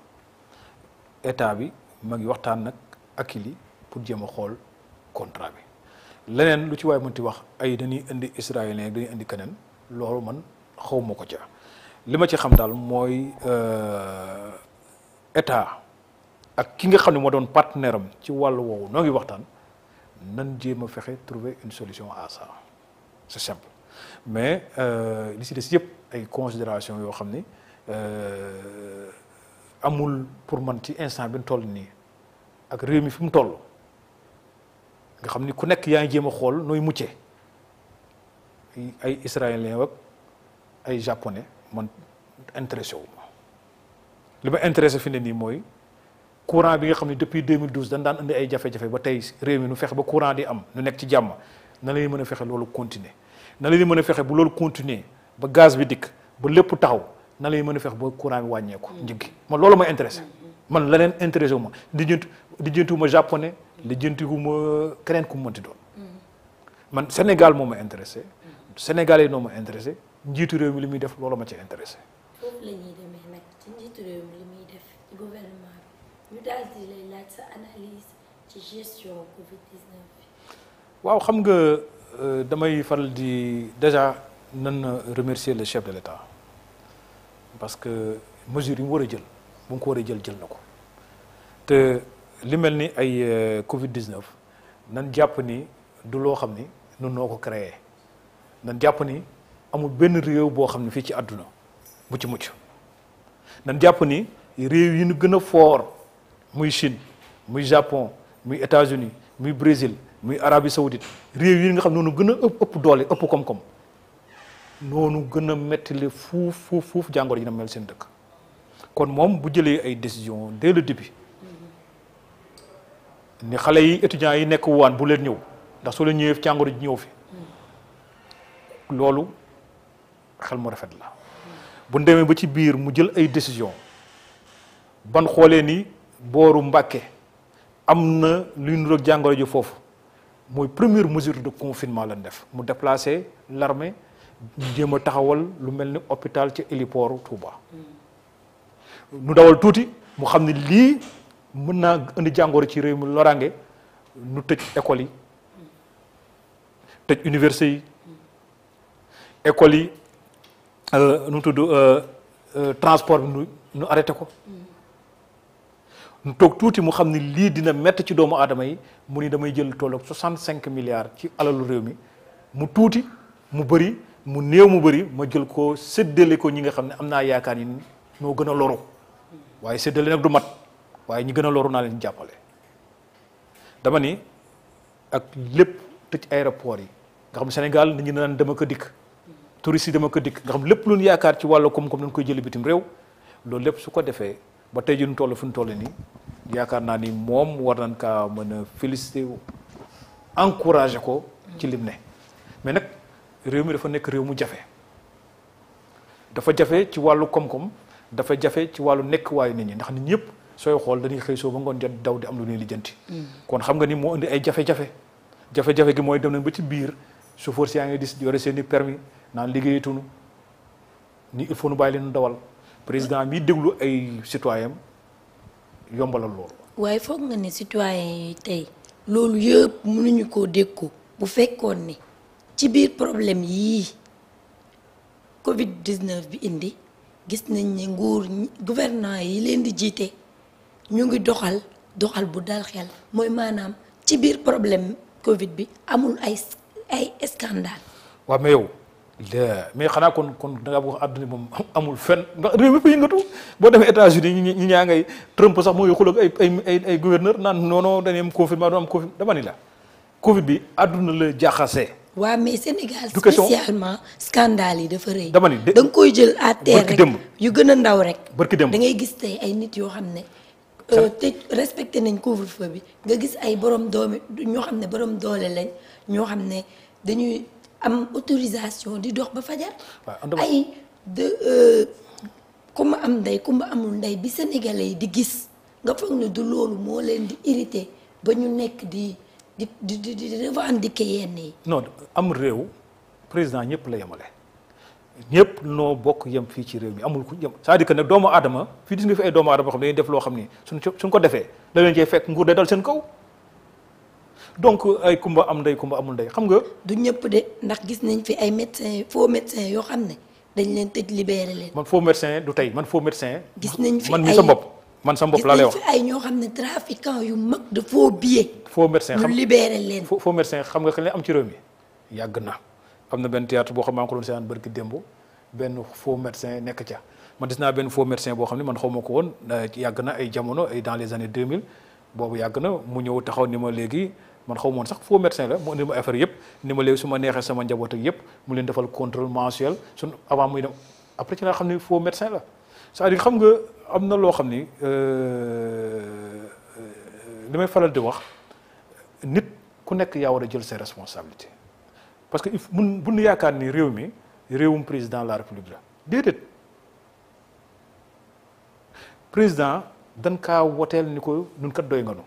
Speaker 2: état bi ma ngi waxtaan nag Akilee pour jéem a xool contrat bi leneen lu ci waay mënti wax ay dañuy indi israélien dañuy indi keneen loolu man xawma ko ca li ma ci xam daal mooy euh, état ak ki nga xam ne moo doon partenaire am ci wàll woowu noo ngi waxtaan nan jéem a fexe trouver une solution à ça c'est simple mais euh, li si des yëpp. ay considération yoo xam ni euh, amul pour man ci instant bi mu toll nii ak réew mi fi mu toll nga xam ni ku nekk yaa ngi jéem a xool nooy mucce ay israélien ak ay japonais man intéressé wu li ma intéressé fi ne nii mooy courant bi nga xam ne depuis 2012 dañ daan indi ay jafe-jafe ba tey réew mi nu fexe ba courant di am nu nekk ci jàmm na la mën a fexe loolu continuer na la ñuy mën a fexe bu loolu continuer ba gaz bi dikk ba lépp taxaw na lay mën a fex ba courant bi wàññeeku mm. njëg gi man loolu ma intéressé mm, mm. man leneen intéressé wu ma di jënt di jëntuwuma japonais di jëntiwuma keneen ku mu mënti doon man Sénégal moo ma intéressé intéressé njiitu réew mi li muy def loolu ma ci intéressé waaw xam nga euh, damay faral di déjà nan na remercier le chef de l'État parce que mesures yu mu war a jël bu mu ko war a jël jël na ko te li mel ni ay euh, Covid 19 nan jàpp ni du loo xam ni nun noo ko créer nan jàpp ni amul benn réew boo xam ne fii ci àdduna bu ci mucc nan jàpp ni réew yi nu gën a foor muy Chine muy Japon muy États-Unis muy Brésil muy Arabie Saoudite réew yi nga xam ne noonu gën a ëpp ëpp doole ëpp koom-koom. noonu gën a mettile fuuf fuuf fuuf jàngoro ji na mel seen dëkk kon moom bu jëlee ay décision dès le début ni xale yi étudiants yi nekk waan bu leen ñëw ndax soo leen ñëwee jàngoro ji ñëw fi loolu xel mu rafet la bu ñu demee ba ci biir mu jël ay décision ban xoolee ni booru Mbàkke am na luy nuroog jàngoro ji foofu mooy première mesure de confinement lañ def mu déplacer l'armée jéem a taxawal lu mel ni hôpital ci héliportu Touba. nu dawal tuuti mu xam ne lii mun naa indi jàngoro ci réew mi loraange nu tëj école yi tëj université yi école yi euh, nu tudd euh, euh, transport bi nu nu arrêté ko nu toog tuuti mu xam ne lii dina métti ci doomu aadama yi mu ni damay jël tolloog 65 milliards ci alalu réew mi mu tuuti mu bëri mu néew mu bëri ma jël ko séddale ko ñi nga xam ne am naa yaakaar ni noo gën a loru waaye séddale nag du mat waaye ñi gën a loru naa leen jàppale dama ni ak lépp tëj aéroport yi nga xam Sénégal nit ñi naan dama ko dikk touristes yi dama ko dikk nga xam lépp loolu yaakaar ci wàllu comme koom dañ koy jëli bitim réew loolu lépp su ko defee ba tey jii toll fu ñu toll nii yaakaar naa ni moom war nañ kaa mën a féliciter encourager ko ci lim ne mais nag. réew mi dafa nekk réew mu jafe dafa jafe ci wàllu koom-koom dafa jafe ci wàllu nekk waayu nit ñi ndax nit ñëpp sooy xool dañuy xëy soo ba ngoon jot daw di am lu ñuy lijjanti. Mm. kon xam nga ni moo indi ay jafe-jafe jafe-jafe gi mooy dem nañ ba ci biir chauffeur si yaa ngi dis yore seen i permis naan liggéeyatunu ni il faut nu bàyyi leen dawal président bi déglu ay citoyen yombalal loolu.
Speaker 1: waaye foog nga ne citoyen yi tey loolu yëpp ko koo dékku bu fekkoon ni. ci biir problème yii Covid 19 bi indi gis nañ ni nguur gouvernement yi leen di jiite ñu ngi doxal doxal bu dal xel mooy maanaam ci biir problème Covid bi amul ay ay scandale.
Speaker 2: waaw mais yow mais xanaa kon kon da ngaa wax àdduna moom amul fenn ndax réew mi yëngatu boo demee États-Unis ñi ñi ñaa ay ay ay gouverneur naan non non dañuy am confinement dama ni la Covid bi àdduna la jaaxase.
Speaker 1: waa mais Sénégal spécialement scandale yi dafa rëy. dama ni da koy jël à terre rek yu gën a ndaw rek. barki dem da ngay gis tey ay nit yoo xam ne. Euh, te respecté nañ couvre-feu bi nga gis ay borom doome ñoo xam ne borom doole lañ ñoo xam ne dañuy am autorisation di dox ba fajar. ay de euh, kumba am ndey kumba amul ndey bi sénégalais yi di gis nga foog ne du loolu moo leen di irrité ba ñu nekk di. di di di di revendiquer yenn yi.
Speaker 2: non am réew président ñëpp la yemale ñëpp noo bokk yem fii ci réew mi amul ku yem c'est-à-dire que nag doomu aadama fii gis nga fi ay doomu aadama yoo xam ne dañuy def suñ ko defee da leen cee fekk dal seen kaw. donc ay kumba am ndey kumba amul ndey xam nga. du ñëpp
Speaker 1: de ndax gis nañ fi ay médecins foo médecins yoo xam ne dañ leen tëj libéré leen.
Speaker 2: man faux médecin du tey man foo médecin.
Speaker 1: gis nañ fi ay man mi sa bopp.
Speaker 2: man sama bopp laa lay wax gis
Speaker 1: ay xam ne trafiquant yu
Speaker 2: médecin xam ñu leen. faux médecin xam nga kañ am ci réew yàgg na am na benn théâtre boo xam maa ngi ko doon seetaan barki démb benn faux médecin nekk ca man gis naa benn foo médecin boo xam ne man xaw ma ko woon yàgg na ay jamono ay dans les années 2000 boobu yàgg na mu ñëw taxaw ni ma léegi. man xaw moon sax faux médecin la mu ma affaire yëpp ni ma léegi su ma neexee sama njaboot ak yëpp mu leen defal contrôle mensuel suñ avant muy dem après ci laa xam ne faux médecin la cest à xam nga am na loo xam ni euh, li may faral di wax nit ku nekk yaa war a jël ses responsabilités parce que mun bu nu yaakaar ni réew mi réewum président la république la déedéet président dan kaa woteel ni ko nun kat doy nga nu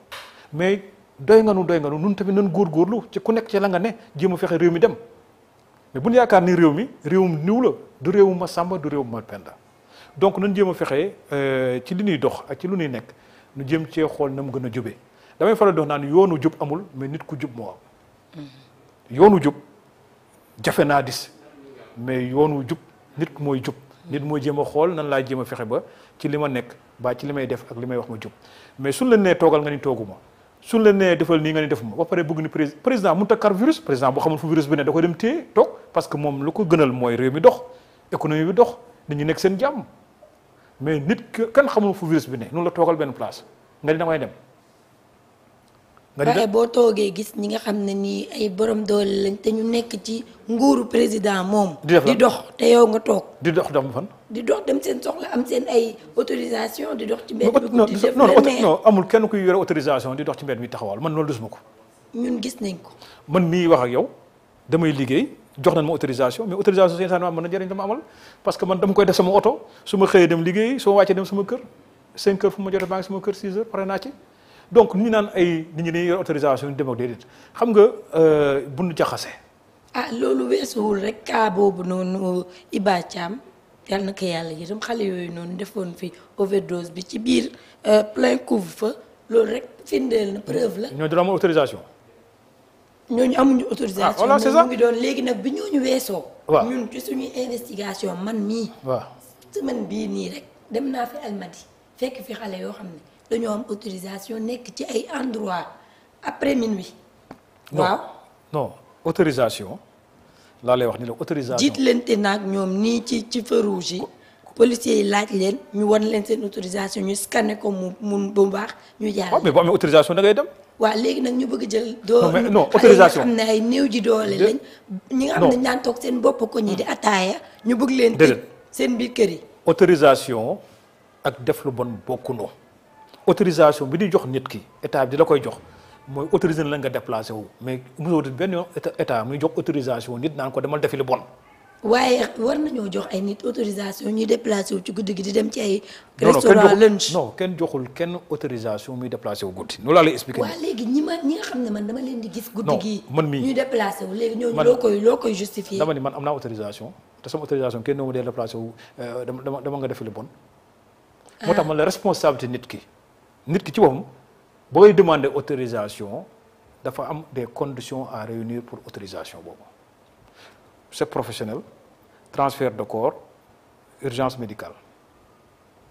Speaker 2: mais doy nga nu doy nga nu nun tamit nan góorgóorlu ci ku nekk ci la nga ne jéem a fexe réew mi dem mais bu nu yaakaar ni réew mi réewum niw la du réewum ma Samba du réewum ma Penda. donc nañ jéem a fexe ci li ñuy dox ak ci lu ñuy nekk nu jëm cee xool na mu gën a jubee damay faral dox naan yoonu jub amul mais nit ku jub moo am mm-hmm. yoonu jub jafe naa dis mais yoonu jub nit ku mooy jub nit mooy jëm a xool nan laa jéem a fexe ba ci li ma nekk baa ci li may def ak li may wax ma jub mais suñ la nee toogal nga ni tooguma suñ leen nee defal nii nga ni defuma ba pare bëgg ni président mun takar virus président boo xamul fu virus bi ne dem téye toog parce que moom lu ko gënal mooy réew mi dox économie bi dox nit nekk seen jàmm mais nit ki kan xamul fu virus bi ne noonu la toogal benn place nga ni damay dem. nga
Speaker 1: boo toogee gis ñi nga xam ne nii ay borom doole lañ te ñu nekk ci nguuru président moom. di dox te yow nga toog.
Speaker 2: di dox dem fan.
Speaker 1: di dox dem seen soxla am seen ay autorisation di dox ci mbedd bi. di def non
Speaker 2: amul kenn kuy yore autorisation di dox ci mbedd bi taxawal man loolu dus ma ko.
Speaker 1: ñun gis nañ ko.
Speaker 2: man mii wax ak yow damay liggéey. jox nañ ma autorisation mais autorisation seen saan mën na jëriñ dama amal parce que man dama koy def sama oto su ma xëyee dem liggéey su ma wàccee dem sama kër 5 heures fu ma jotee baa ngi sama kër pare naa ci donc ñu naan ay nit ñi dañuy yor autorisation dem ak déedéet xam nga euh, bu jaxase.
Speaker 1: ah loolu weesuwul rek cas boobu noonu Iba Thiam yàlla na ko yàlla yërëm xale yooyu noonu defoon fi dose bi ci biir euh, plein couvre-feu loolu rek firndeel na preuve la.
Speaker 2: ñooñu dina am autorisation.
Speaker 1: ñooñu amuñu autorisation. Ah, voilà c'est ça mu ngi doon léegi nag bi ñooñu weesoo. waaw ñun ci suñuy investigation man mii. waaw semaine bii nii rek dem naa fi Almadi fekk fi xale yoo xam ne dañoo am autorisation nekk ci ay endroit après minuit. waaw
Speaker 2: non autorisation. laa lay wax ni la autorisation
Speaker 1: jiitlante naag ñoom nii ci ci feu yi. policiers yi laaj leen ñu wan leen seen autorisation ñu scanné ko mu mu bu baax ñu jaar. waaw mais
Speaker 2: boo amee autorisation da ngay dem.
Speaker 1: waa léegi nag ñu bëgg jël. non mais non autorisation yi nga ji doole ñi nga xam seen bopp ko ñi di ataaya. ñu bëgg leen tëj seen biir kër yi.
Speaker 2: autorisation ak def lu bon bokkundoo autorisation bi di jox nit ki état bi di la koy jox. mooy autorisé na la nga déplacé wu mais mosoo benn yoon état muy jox autorisation nit naan ko demal defi lu bon.
Speaker 1: waaye war nañoo jox ay nit autorisation ñuy déplacé wu ci guddi gi di dem ci ay.
Speaker 2: restaurant lunch non kenn joxul kenn autorisation muy déplacé wu guddi. nu laa lay expliqué. waaw
Speaker 1: léegi ñi ma ñi nga xam ne man dama leen di gis. guddi gi
Speaker 2: man mii ñuy déplacé
Speaker 1: wu léegi ñooñu loo koy loo koy
Speaker 2: man am naa autorisation te kenn doo ma dee déplacé wu euh, dama dama nga def lu bon. moo tax ah. man la responsabilité nit ki nit ki ci boppam booy demander autorisation dafa am des conditions à réunir pour autorisation boobu c'est professionnel. transfert de corps urgence médicale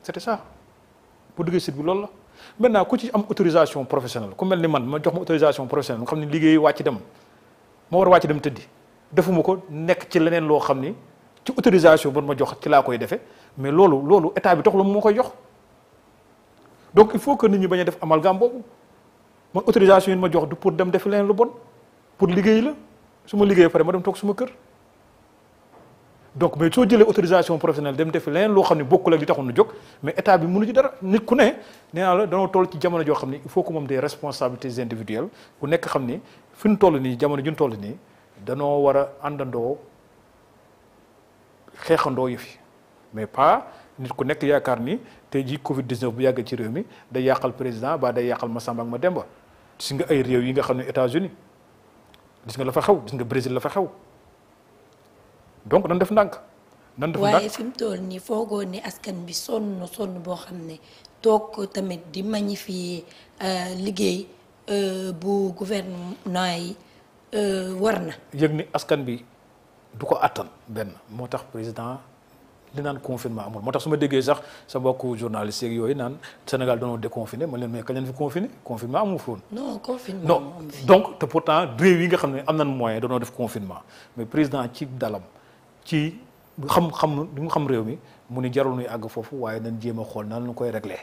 Speaker 2: c'était ça bu duggee site bi loolu la maintenant ku ci am autorisation professionnelle ku mel ni man ma jox ma autorisation professionnelle nga xam ne liggéey wàcc dem ma war a wàcc dem tëddi defuma ko nekk ci leneen loo xam ni ci autorisation bu ma jox ci laa koy defee mais loolu loolu état bi tox la moo koy jox donc il faut que nit ñi bañ a def amalgame boobu man autorisation yi ma jox du pour dem def leneen lu bon pour liggéey la su ma liggéey pare ma dem toog suma kër donc mais soo jëlee autorisation professionnelle dem defi leneen loo xam ne bokkul ak li taxoon na jóg mais état bi mënu ci dara nit ku ne la danoo toll ci jamono joo xam ne il faut que moom des responsabilités nekk xam ni fi ñu toll nii jamono ju ñu toll nii danoo war a àndandoo xeexandoo yëfi mais pas nit ku nekk yaakaar ni tey jii Covid bu yàggee ci réew mi day yàqal président ba day yàqal Massamba ak Mademba gis nga ay réew yi nga xam ne États-Unis gis nga la fa xew gis nga Brésil la fa xew. donc nan def ndànk. nan def ndànk waaye fi
Speaker 1: mu nii foogoo ni askan bi sonn sonn boo xam ne toog ko tamit di magnifier euh, liggéey euh, bu gouvernement yi euh, war na.
Speaker 2: yëg ni askan bi du ko attan benn moo tax président. li naan confinement amul moo tax su ma déggee sax sa bokku journaliste yeeg yooyu naan Sénégal dañoo déconfiné ma leen mais kañ leen fi confiné confinement amul foon.
Speaker 1: non confinement non
Speaker 2: donc te pourtant réew yi nga xam ne am nañ moyen dañoo def confinement mais président ci dalam. ci xam-xam li mu xam réew mi mu ni jarul nuy àgg foofu waaye nañ jéem a xool nan la ñu koy regle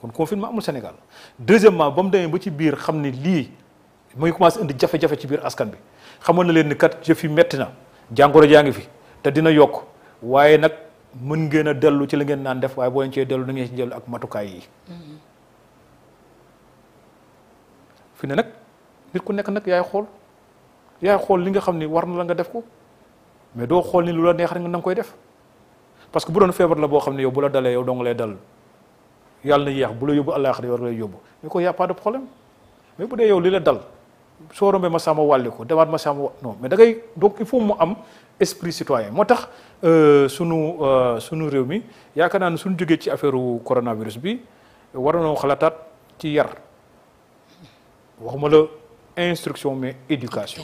Speaker 2: kon confinement amul Sénégal deuxièmement ba mu demee ba ci biir xam ni lii muy commencé indi jafe-jafe ci biir askan bi xamoon na leen ni kat jëf yi metti na jàngoro jaa ngi fi te dina yokk waaye nag mën ngeen a dellu ci la ngeen naan def waaye boo cee dellu na ngeen ci ak matukaay yi.
Speaker 4: Mm-hmm.
Speaker 2: nag nit ku nekk nag yaay xool yaay xool li nga xam ni war na la nga def ko. mais doo xool ni lu la neex rek na nga koy def parce que bu doon feebar la boo xam ne yow bu la dalee yow dong lay dal yàlla na yéex bu la yóbbu àllaaxira yow lay yóbbu mais ko y' a pas de mais bu dee yow li la dal soo rombee ma sàmm wàlli ko demaat ma sàmm non mais da ngay donc il faut mu am esprit citoyen moo tax euh, sunu euh, sunu réew mi yaakaar naa ne suñu jógee ci affaire coronavirus bi war nañoo xalaataat ci yar waxuma la instruction mais éducation.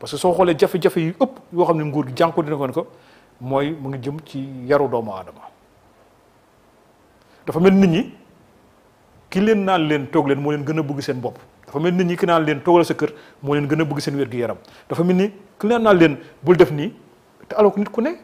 Speaker 2: parce que soo xoolee jafe-jafe yu ëpp yoo xam ne nguur gi jànku dina ko ko mooy mu ngi jëm ci yaru doomu aadama dafa mel nit ñi ki leen naan leen toog leen moo leen gën a bëgg seen bopp dafa mel nit ñi ki leen toogal sa kër moo leen gën a bëgg seen wér yaram dafa mel ni ki leen naan leen bul def nii te alors nit ku ne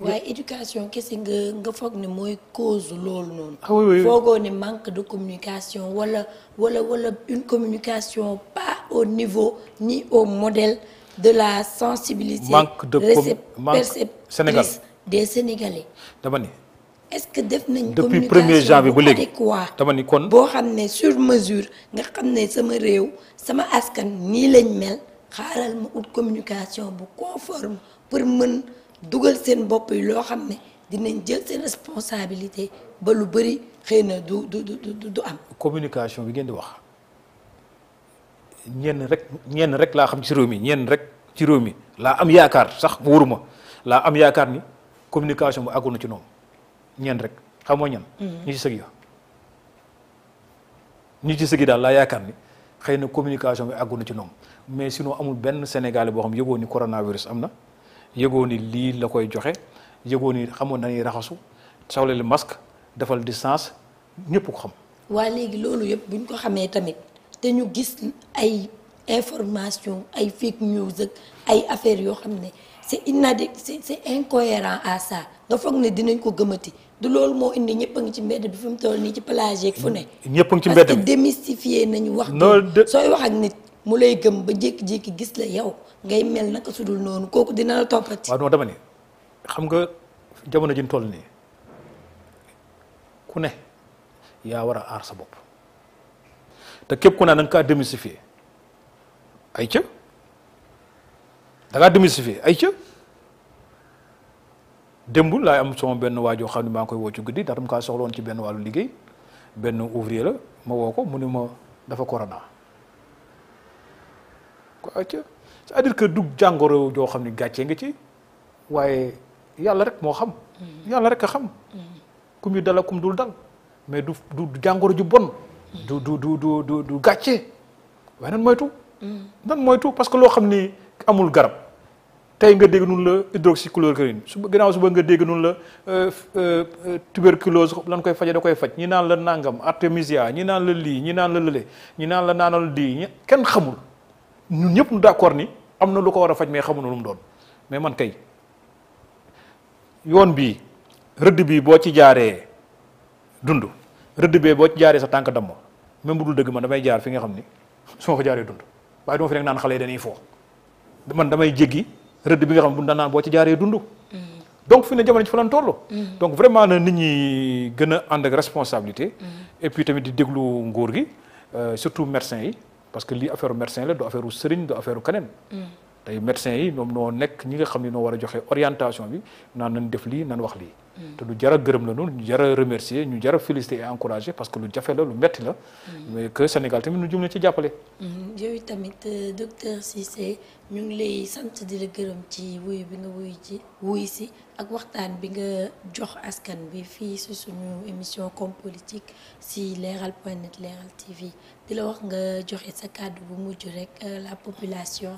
Speaker 1: waaye éducation kese nga nga foog ni mooy cause loolu noonu. ah manque de communication wala wala wala une communication pas au niveau ni au modèle de la sensibilité. manque de perceptrice Sénégal des Sénégalais. dama ni. est-ce que def nañ. depuis premier janvier ba léegi
Speaker 2: dama ni kon boo
Speaker 1: xam ne sur mesure nga xam ne sama réew sama askan nii lañ mel xaaral ma ut communication bu conforme pour mën. dugal seen bopp yi loo xam ne dinañ jël seen responsabilité ba lu bëri xëy na du du du du am. communication bi ngeen di wax
Speaker 2: ñenn rek ñenn rek laa xam ci réew mi ñenn rek ci réew mi laa am yaakaar sax wóoruma laa am yaakaar ni communication bu àggu na ci noonu ñeen rek xamoo ñan. Mm-hmm. ñi ci sëg yi ñi ci sëg yi daal laa yaakaar ni xëy na communication bi àggu na ci noonu mais sinon amul benn Sénégalais boo xam yëgoo ni coronavirus am na. yëgoo ni lii la koy joxe yëgoo ni xamoon na ni raxasu sawleel masque defal distance ñëpp ko xam.
Speaker 1: waa léegi loolu yëpp buñ ko xamee tamit te ñu gis ay information ay fake news ak ay affaires yoo xam ne c'est inadé c'est incohérent à ça nga foog ne dinañ ko gëmati du loolu moo indi ñëpp a ngi ci mbedd bi fi mu toll nii ci plage yeeg fu ne. ñëpp a ngi ci mbedd bi parce que démystifier nañu wax. sooy wax ak nit. mu lay gëm ba jékki-jékki gis la yow ngay mel naka sudul noonu kooku dina la toppati.
Speaker 2: waaw non dama ni xam nga jamono ji ñu nii ku ne yaa war a aar sa bopp te képp ku naa da nga kaa démystifier ay ca da ngaa ay ca démb laay am sama benn waa joo xam ne maa koy woo ci guddi ndax kaa soxloon ci benn wàllu liggéey benn ouvrier la ma woo ko mu ne ma dafa corona. ko acca c'est-à-dire que du jàngoro joo xam ne gàccee nga ci waaye yàlla rek moo xam. Mm-hmm. yàlla rek a xam. Mm-hmm. kum yu dal ak kum dul dal mais du du jàngoro ju bon. Mm-hmm. du du du du du du gàcce waaye nan moytu. nan moytu parce que loo xam ni amul garab tey nga dégg nun la hydroxychloroquine su gannaaw suba nga dégg nun la euh, euh, euh, tuberculose lan koy faje da koy faj ñi naan la nangam artemisia ñi naan la lii ñi naan la lële ñi naan la naanal di kenn xamul. ñun ñëpp ñu d'accord ni am na lu ko war a faj mais xamuñu lu mu doon mais man kay yoon bii rëdd bii boo ci jaaree dund rëdd bee boo ci jaaree sa tànk damm même bu dul dëgg man damay jaar fi nga xam ni su ma ko jaaree dund waaye duma fi nekk naan xale man damay jéggi rëdd bi nga xam ne naan boo ci jaaree dund. Mm. donc fi ne jamono ci fa lan toll. Mm. donc vraiment na nit ñi gën a ànd ak responsabilité. Mm. et puis tamit di déglu nguur gi euh, surtout mercin yi. parce que lii affaire médecin la du affaire u sëriñ du affaire u keneen
Speaker 4: mm.
Speaker 2: médecin yi ñoom noo nekk ñi nga xam ne noo war a joxe orientation bi naan nañ def lii nan wax lii mm. te lu jara gërëm la noonu ñu jara remercier ñu jara féliciter et encourager parce que lu jafe la lu metti la mm. mais que Sénégal tamit nu jum na ci jàppale
Speaker 1: yow tamit euh, docteur Cissé ñu ngi lay sant di la gërëm ci wuyu bi nga wuyu ci wuyu si ak waxtaan bi nga jox askan bi fii si suñu émission comme politique si leeral point net leeral TV di la wax nga joxe sa kàddu bu mujj rekk euh, la population.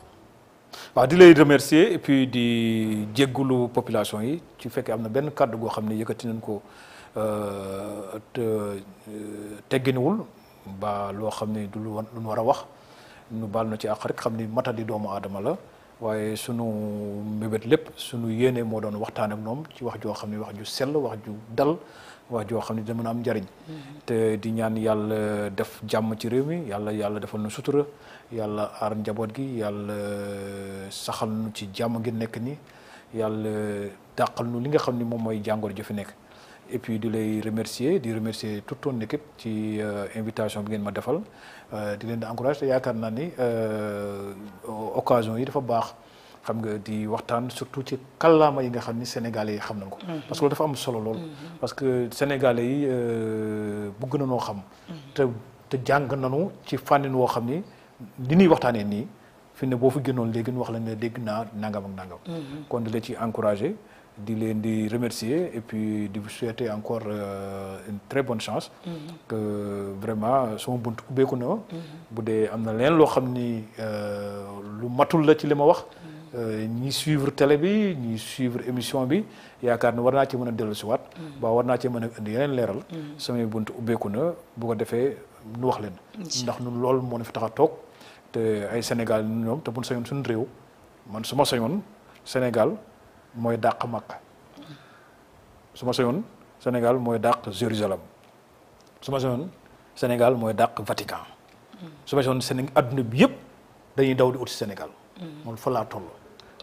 Speaker 2: waaw di lay remercier et puis di jéggulu population yi ci fekkee am na benn kàddu goo xam ne yëkkati nañ ko euh, te euh, tegginuwul ba loo xam ne du lu war a wax nu baal na ci àq rek xam ni matadi doomu aadama la. waaye sunu mbébét lépp sunu yéenee moo doon waxtaan ak ñoom ci wax joo xam ne wax ju sell wax ju dal wax joo xam ne dina mën am njariñ mm-hmm. te di ñaan yàlla def jàmm ci réew mi yàlla yàlla defal na sutura yàlla aar njaboot gi yàlla saxal nu ci jàmm ngi nekk ni yàlla dàqal nu li nga xam ni moom mooy jàngoor ji fi nekk et puis di lay remercier di remercier toute ton équipe ci euh, invitation bi ngeen ma defal euh, di leen di encourage te yaakaar naa ni euh, occasion yi dafa baax xam nga di waxtaan surtout ci kàllaama yi nga xam ni sénégalais yi xam nañ ko. Mm-hmm. parce que loolu dafa am solo lool. Mm-hmm. parce que sénégalais yi bëgg na noo xam. Mm-hmm. te te jàng nañu ci fànnin woo xam ni li ñuy waxtaanee nii fi ne boo fi génnoon léegi ñu wax la ne dégg naa nangam ak nangam. kon di la ci encouragé. di leen di remercier et puis di vous encore euh, une très bonne chance. Mm-hmm. que vraiment sama bunt ubbeeku na. Mm-hmm. bu dee am na leen loo xam ni euh, lu matul la ci li ma wax. Mm-hmm. Euh, ñi suivre télé bi ñi suivre émission bi yaakaar ne war naa ci mën a dellusiwaat. ba war naa ci mën a indi yeneen leeral. samay bunt ubbeeku na bu ko defee nu wax leen. ndax nu lool moo ñu fi tax a toog te ay Sénégal ñoom te buñ sañoon suñu réew man su ma sañoon Sénégal. mooy dàq Makka su ma sañoon Sénégal mooy dàq Jérusalem su ma sañoon Sénégal mooy dàq Vatican su ma sañoon Sénégal adduna bi yëpp dañuy daw di ut Sénégal moom fa laa toll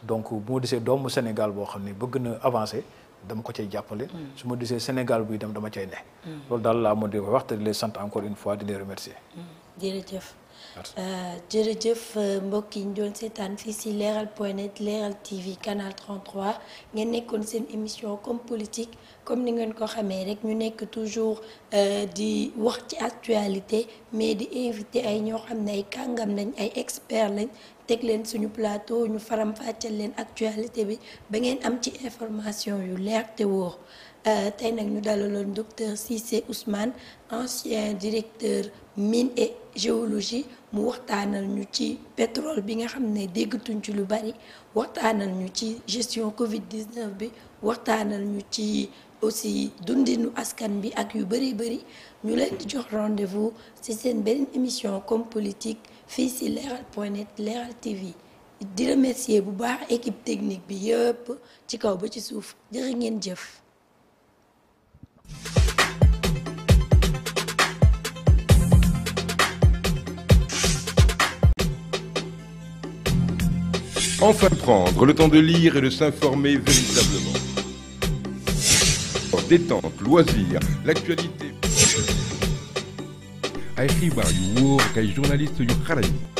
Speaker 2: donc bu ma disee doomu Sénégal boo xam ne bëgg na avancé dama ko cay jàppale su ma disee Sénégal buy dem dama cay ne mm. loolu daal laa moo di wax te di les sant encore une fois di les remercier
Speaker 1: mm. Euh, jërëjëf euh, mbokk yi doon seetaan fii si leeral point net leeral TV canal 33 ngeen nekkoon seen émission comme politique comme ni ngeen ko xamee rek ñu nekk toujours euh, di wax ci actualité mais di invité ay ñoo xam ne ay kàngam lañ ay expert lañ teg leen suñu plateau ñu faram fàcceel leen actualité bi ba ngeen am ci information yu leer te wóor tey nag ñu dalaloon docteur Cissé Ousmane ancien directeur. mine et géologie mu waxtaanal ñu ci pétrole bi nga xam ne déggatuñ ci lu bari waxtaanal ñu ci gestion Covid bi waxtaanal ñu ci aussi dundinu askan bi ak yu bari bari ñu leen di jox rendez ci seen beneen émission comme politique fii ci leeral point net leeral TV di remercier bu baax équipe technique bi yëpp ci kaw ba ci suuf jërë ngeen jëf.
Speaker 4: Enfin prendre
Speaker 2: le temps de lire et de s'informer véritablement. Détente, loisirs, l'actualité.
Speaker 4: I see where you
Speaker 2: work, journaliste you